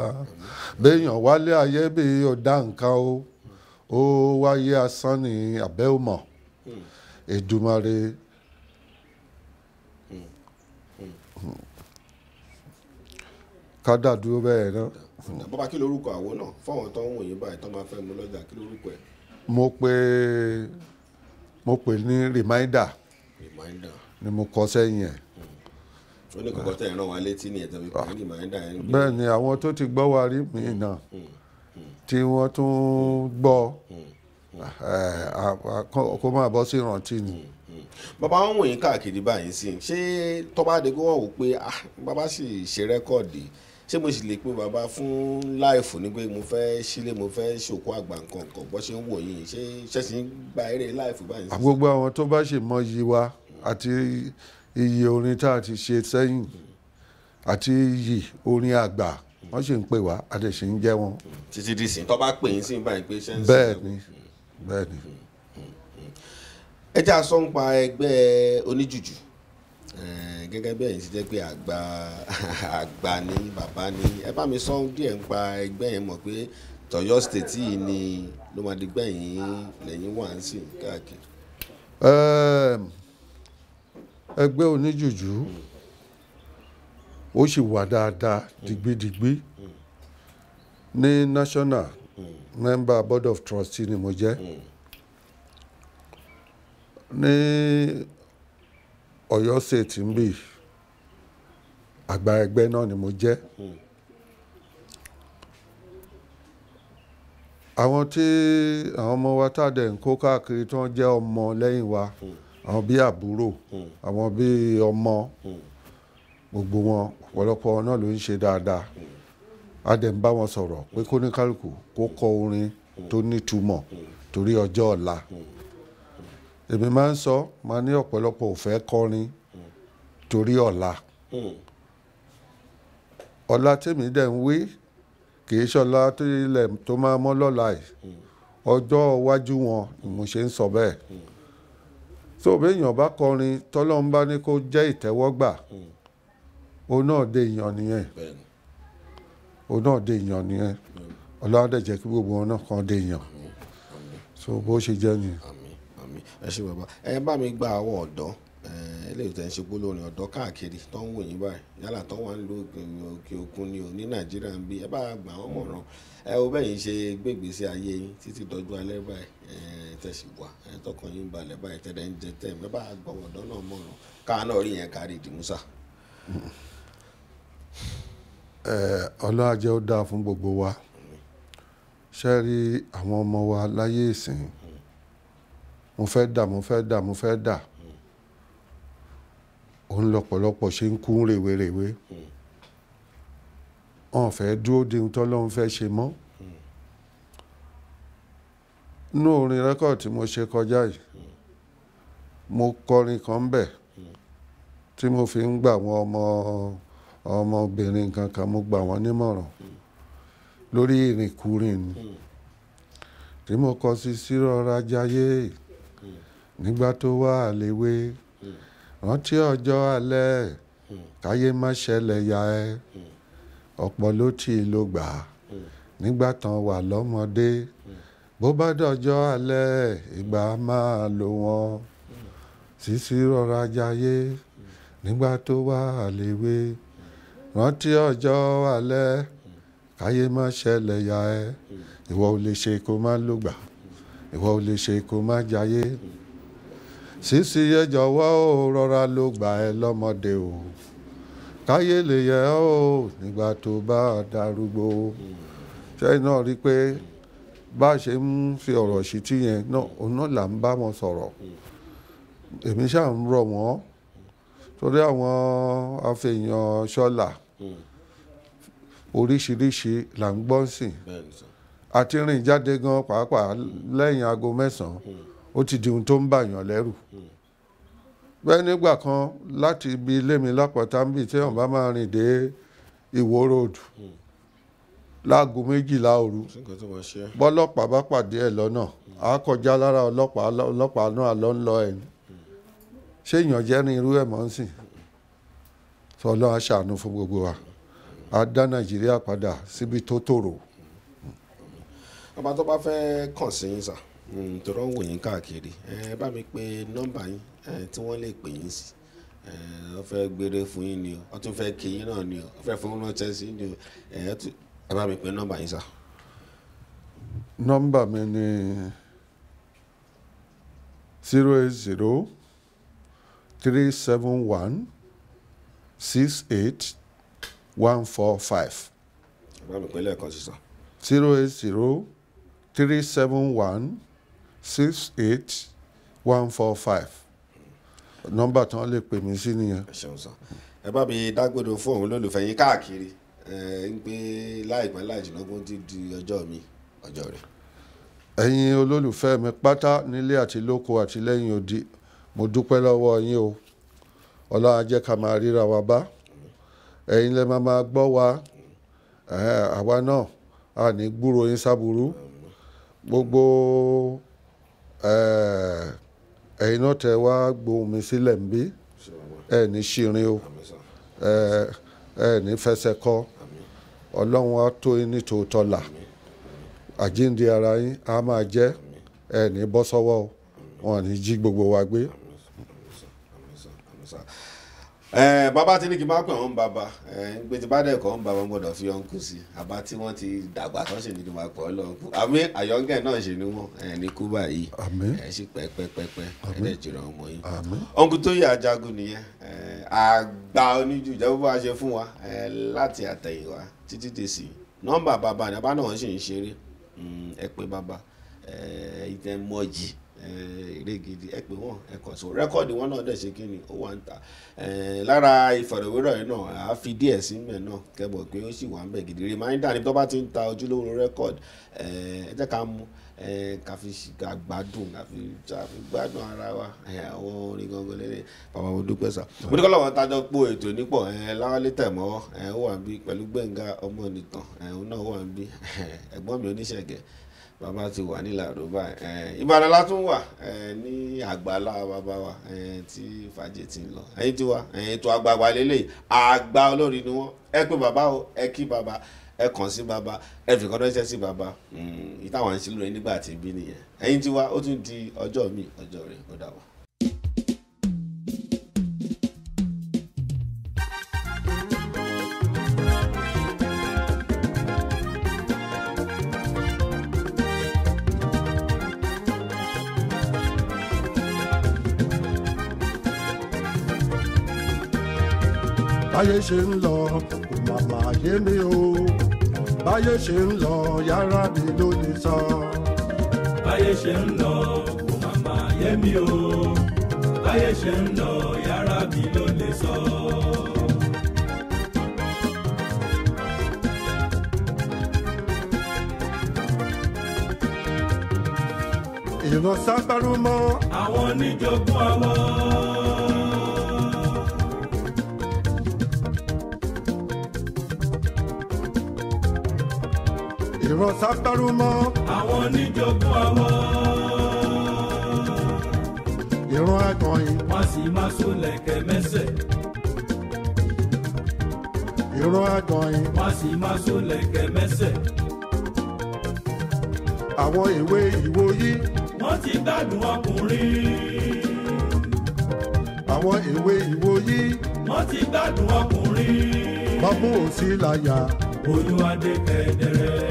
béèyàn wálé ayé bí ọ̀dà nǹkan o ó wáyé asán ní abẹ́ òmọ̀ Èdùmàrè. ká dàdúró bẹ́ẹ̀ náà. bàbá kí lorúkọ àwo náà fáwọn tó ń wòye báyìí tó máa fẹ́ mú lọ́jà kí lorúkọ ẹ̀. mo pe. Mm mo pè ní reminder ni mo kọ sẹ́yìn ẹ̀. ó ní kọ̀kọ́ tẹ̀ ràn wá létí ni ẹ̀tọ́ fi pè ní reminder yẹn. bẹ́ẹ̀ ni àwọn tó ti gbọ́ wa rí mi náà hmm, hmm. tí wọ́n tún gbọ́ hmm, kó máa bọ́ sí ìrántí ni. bàbá wọn wòye káàkiri báyìí sí ṣé tọ́ba adigun wọn wò pé ah, bàbá sì ṣe rẹ́kọ̀dì ṣé mo sì lè pe bàbá fún láìfù ní pé mo fẹ́ sílé mo fẹ́ ṣòkó àgbà nǹkan kan bó ṣe ń wò yìí ṣé ṣẹ́sì ń gba eré láìfù báyìí. gbogbo àwọn tó bá ṣe mọ iye wa àti iye orin tá a ti ṣe sẹ́yìn àti iye orin àgbà wọ́n sì ń pè wá a dẹ̀ sì ń jẹ́ wọn. títí di sìn tó bá pè yín sí báyìí pé ṣẹ́ńsì. bẹ́ẹ̀ ni bẹ́ẹ̀ ni. ẹ jẹ́ àsọ̀ǹpa ẹgbẹ́ oníjùjù. Eh, gẹ́gẹ́ bí ẹ̀yin ti jẹ́ pé àgbà àgbà ni bàbá ni ẹ bá mi sọ díẹ̀ nípa ẹgbẹ́ yẹn mọ̀ pé tọ̀yọ́ stéètì yìí ni ló máa di gbẹ̀yìn lẹ́yìn wà ń sìn káàkiri. Ehm, ẹgbẹ́ oníjùjú ó sì wà dáadáa digbidigbi ní national member board of trustee ni mo jẹ́ hmm. ní. Ọ̀yọ́ state ń bì àgbà ẹgbẹ́ náà ni mo jẹ́ hmm. àwọn tí àwọn ọmọ wa tá a dẹ̀ ń kó káàkiri tí wọ́n jẹ́ ọmọ lẹ́yìn wa hmm. àwọn bíi àbúrò hmm. àwọn bíi ọmọ gbogbo wọn ọ̀pọ̀lọpọ̀ náà ló ń ṣe dáadáa a dẹ̀ ń bá wọn sọ̀rọ̀ pé kóníkálukú kó kọ orin tó nítumọ̀ torí ọjọ́ ọ̀la èmi máa ń sọ máa ní ọ̀pọ̀lọpọ̀ ò fẹ́ kọrin torí ọ̀la ọ̀la tèmi dẹ̀ ń wí kì í ṣọlá tó ilẹ̀ tó máa mọ́ lọ́la yìí ọjọ́ iwájú wọn ni mo ṣe ń sọ bẹ́ẹ̀ tó béèyàn bá kọrin tọ́lọ́run bá ní kó jẹ́ ìtẹ́wọ́gbà òun náà dé èèyàn nìyẹn òun náà dé èèyàn nìyẹn ọlọ́run dẹ̀ jẹ́ kí gbogbo wọn náà kàn dé èèyàn so bó ṣe jẹ́ nìyẹn ẹ ṣe bàbá ẹ bá mi gba àwọn ọ̀dọ́ eléyìí tẹ̀ ń ṣe gbólórin ọ̀dọ́ káàkiri tó ń wò báyìí yálà tó wà ń lo òkè òkun ni ò ní nàìjíríà ń bí ẹ bá gbà wọ́n mọ̀ràn ẹ o bẹ́yìn ṣe gbégbèsè ayé yín títí dọjú alẹ́ báyìí tẹ̀sí wà tọkàn yín balẹ̀ báyìí tẹ̀lé ń jẹ tẹ̀ ẹ bá gbọ́ ọ̀dọ́ náà mọ̀ràn káà náà rí yẹn kárí ìdìmúsà. ẹ ọlọ́àjẹ́ ó dáa fún gbogbo wa ṣẹ́rí àwọn ọmọ wa láyé ìsìn mo fẹ́ dà mo fẹ́ dà mo fẹ́ dà òun lọ́pọ̀lọpọ̀ ṣe ń kú rèwerèwe wọn fẹ́ dúró de ohun tọ́lọ́run fẹ́ ṣe mọ́ inú orin rẹ́kọ̀dì tí mo ṣe kọjá yìí mo kọrin kan ń bẹ̀ tí mo fi ń gbà wọn ọmọ ọmọbìnrin kankan mo gbà wọn nímọ̀ràn lórí ìrìnkúrìn ni tí mo kọ sí sírọ̀rọ̀ ajayé. Si nígbà tó wà léwe rántí ọjọ́ alẹ́ káyé má ṣẹlẹ̀ ya ẹ ọ̀pọ̀ ló tí ì ló gbà nígbà tán wà lọ́mọdé bó bá dọjọ́ alẹ́ ìgbà máa lò wọ́n sísí rọra jayé nígbà tó wà léwe rántí ọjọ́ alẹ́ káyé má ṣẹlẹ̀ ya ẹ ìwọ ò lè ṣe kó má lògbà ìwọ ò lè ṣe kó má jayé. Mm sísí yẹ jọ̀wọ́ o rọra ló gbà ẹ lọ́mọdé o káyé lè yẹ ọ́ o nígbà tó bá darúgbó ṣẹ́yìn náà rí i pé bá a ṣe ń fi ọ̀rọ̀ sí tí yẹn náà òun náà là ń bá wọn sọ̀rọ̀ èmi ṣáà ń rọ̀ wọ́n torí àwọn afẹ́yàn ṣọ́là oríṣiríṣi là ń gbọ́n sìn àti rìn jáde gan pàápàá lẹ́yìn aago mẹ́sàn-án hmm ó ti di ohun tó ń bàyàn lẹ́rù bẹ́ẹ̀ nígbà kan láti ibi ilé mi lápáta ń bì téèyàn bá máa rìn dé ìwó ròdù láago méjìlá òru bọ́lọ́pàá bá pàdé ẹ̀ lọ́nà á kọjá lára ọlọ́pàá ọlọ́pàá náà ló ń lọ ẹ̀ ní ṣé èèyàn jẹ́ irú ẹ̀ mọ́ ń sìn sọlọ́ aṣàánú fún gbogbo wa a dá nàìjíríà padà síbi tó tòrò. ọba tó bá fẹ́ kàn sí yín sáà Mm, tọrọ wò yín káàkiri ẹ bá mi pe nọ́mbà yín tí wọ́n lè pè yín sí ọ fẹ́ gbére fún yín ni o ọ tún fẹ́ kí yín náà ni o ọ fẹ́ fún ránṣẹ́ sí ni o ẹ bá mi pe nọ́mbà yín sá. nọ́mbà mi ni zero eight zero three seven one six eight one four five. ẹ bá mi pe lẹ́ẹ̀kan sísan. zero eight zero three seven one six eight one four five nọ́mbà tí wọ́n lè pè mí sí nìyẹn. ẹ ṣeun sàn ẹ bá mi dágbére fún òun lólùfẹ́ yín káàkiri ẹ ń pé láìpẹ́ láìjìnlógún ti di ọjọ́ mi ọjọ́ rẹ̀. ẹ̀yin olólùfẹ́ mi pátá nílé àti lóko àti lẹ́yìn odi mo dúpẹ́ lọ́wọ́ yín o ọlọ́run jẹ́ ká máa ríra wa bá ẹ̀yin lẹ́ máa máa gbọ́ wa àwa náà a ní gbúròó yín sábúrú gbogbo. Mm ẹ̀yin náà tẹ wá gbohùn mi sílẹ̀ ń bí ẹ ní ṣìrin o ẹ ní fẹsẹ̀ kọ́ ọlọ́run á tó yín ní tòótọ́ là àjíǹde ara yín á máa jẹ́ ẹ ní bọ́ sọ́wọ́ o wọn ní jí gbogbo wa gbé. Amen. ẹ bàbá tí ní kí n bá pè wọ́n bàbá ẹ ń pè tí bá dẹ̀ kọ́ ń bàbá gbọ́dọ̀ fi ọ̀nkù sí àbá tí wọ́n ti dàgbà tó ṣe ní kí n bá pọ̀ ọ́ lọ́nkù àmì àyọ̀ǹgẹ̀ náà ṣe ni wọ́n ẹ ní kú báyìí ẹ sì pẹ́ pẹ́ pẹ́ pẹ́ ẹ dẹ̀ jìrà ọmọ yìí ọ̀nkù tó yẹ ajagun nìyẹn àgbà oníjù ìjọba bá ṣe fún wa ẹ láti àtẹ̀yìnwá títí dé sí nọ́mbà bàbá ni hmm, bàbá náà ṣì ń Eh, eré gidi ẹ pé wọn ẹ kàn sí wọn wọn náà dẹ̀ ṣe kí ni ó wà ń ta eh, lára ìfọ̀rọ̀wérọ̀ yìí náà àá fi díẹ̀ sí mẹ́ náà kẹ́bọ̀ pé ó sì wà ń bẹ̀ gidi rìmáìndà ni tó bá ti ń ta ojúlówó rẹ́kọ́ọ̀dì eh, ẹ jẹ́ ká mú ká fi gbádùn ká fi gbádùn ara wa àwọn orin gangan lélẹ̀ bàbá mo dúpẹ́ sà. mo ní kọ́ lọ́wọ́ tájọ́ po ètò nípọ̀ láwálé tẹ̀mọ́ ó wà ń bí pẹ̀lú gbẹ̀ngà ọmọ nìtàn òun bàbá ti wà ní ìlàró báyìí ìbàdàn la tún wà ní àgbàlá bàbá wa tí fàájì ti ń lọ ẹ̀yin tiwa ẹ̀yin tó agbàgbà lélẹyìí àgbà olórin ni wọn ẹ pé bàbá o ẹ kí bàbá ẹ kàn sí bàbá ẹ fi kọ́dọ̀ ṣẹ́ sí bàbá hmm, ìtàwọn àṣìlò rẹ nígbà tí bí nìyẹn ẹ̀yin tiwa ó tún di ọjọ́ mi ọjọ́ rẹ ó dà wá. báyé ṣe ń lọ kò màmá yé mi o báyé ṣe ń lọ yàrá mi ló lè sọ. báyé ṣe ń lọ kò màmá yé mi o báyé ṣe ń lọ yàrá mi ló lè sọ. ìran sábàrú mọ́. àwọn oníjogún àwọn. ọ̀rọ̀ sápárú mọ́. àwọn oníjogún ọmọ. ìran àtọ̀yìn. wọ́n sì máa sólẹ̀kẹ̀ mẹ́sẹ̀. ìran àtọ̀yìn. wọ́n sì máa sólẹ̀kẹ̀ mẹ́sẹ̀. àwọn ìwé ìwòyí. wọ́n ti gbádùn ọkùnrin. àwọn ìwé ìwòyí. wọ́n ti gbádùn ọkùnrin. bọ́bú ò sí láyà. Olúwadé kẹ́dẹ̀rẹ́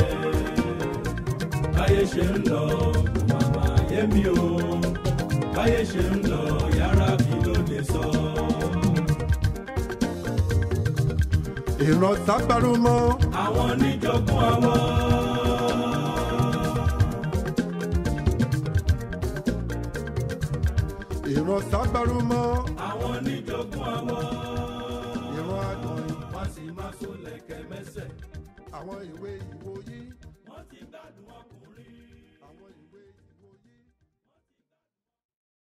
báyé ṣe ń lọ kò má o báyé ṣe ń lọ yàrá mi ló lè sọ. ìran sábàrú mọ́. àwọn oníjogún àwọ̀. ìran sábàrú mọ́. àwọn oníjogún àwọ̀. ìran àgbọ̀n. wọ́n sì máa sún lẹ̀kẹ̀ mẹ́sẹ̀. àwọn ìwé ìwòyí wọ́n ti gbádùn ọkùnrin.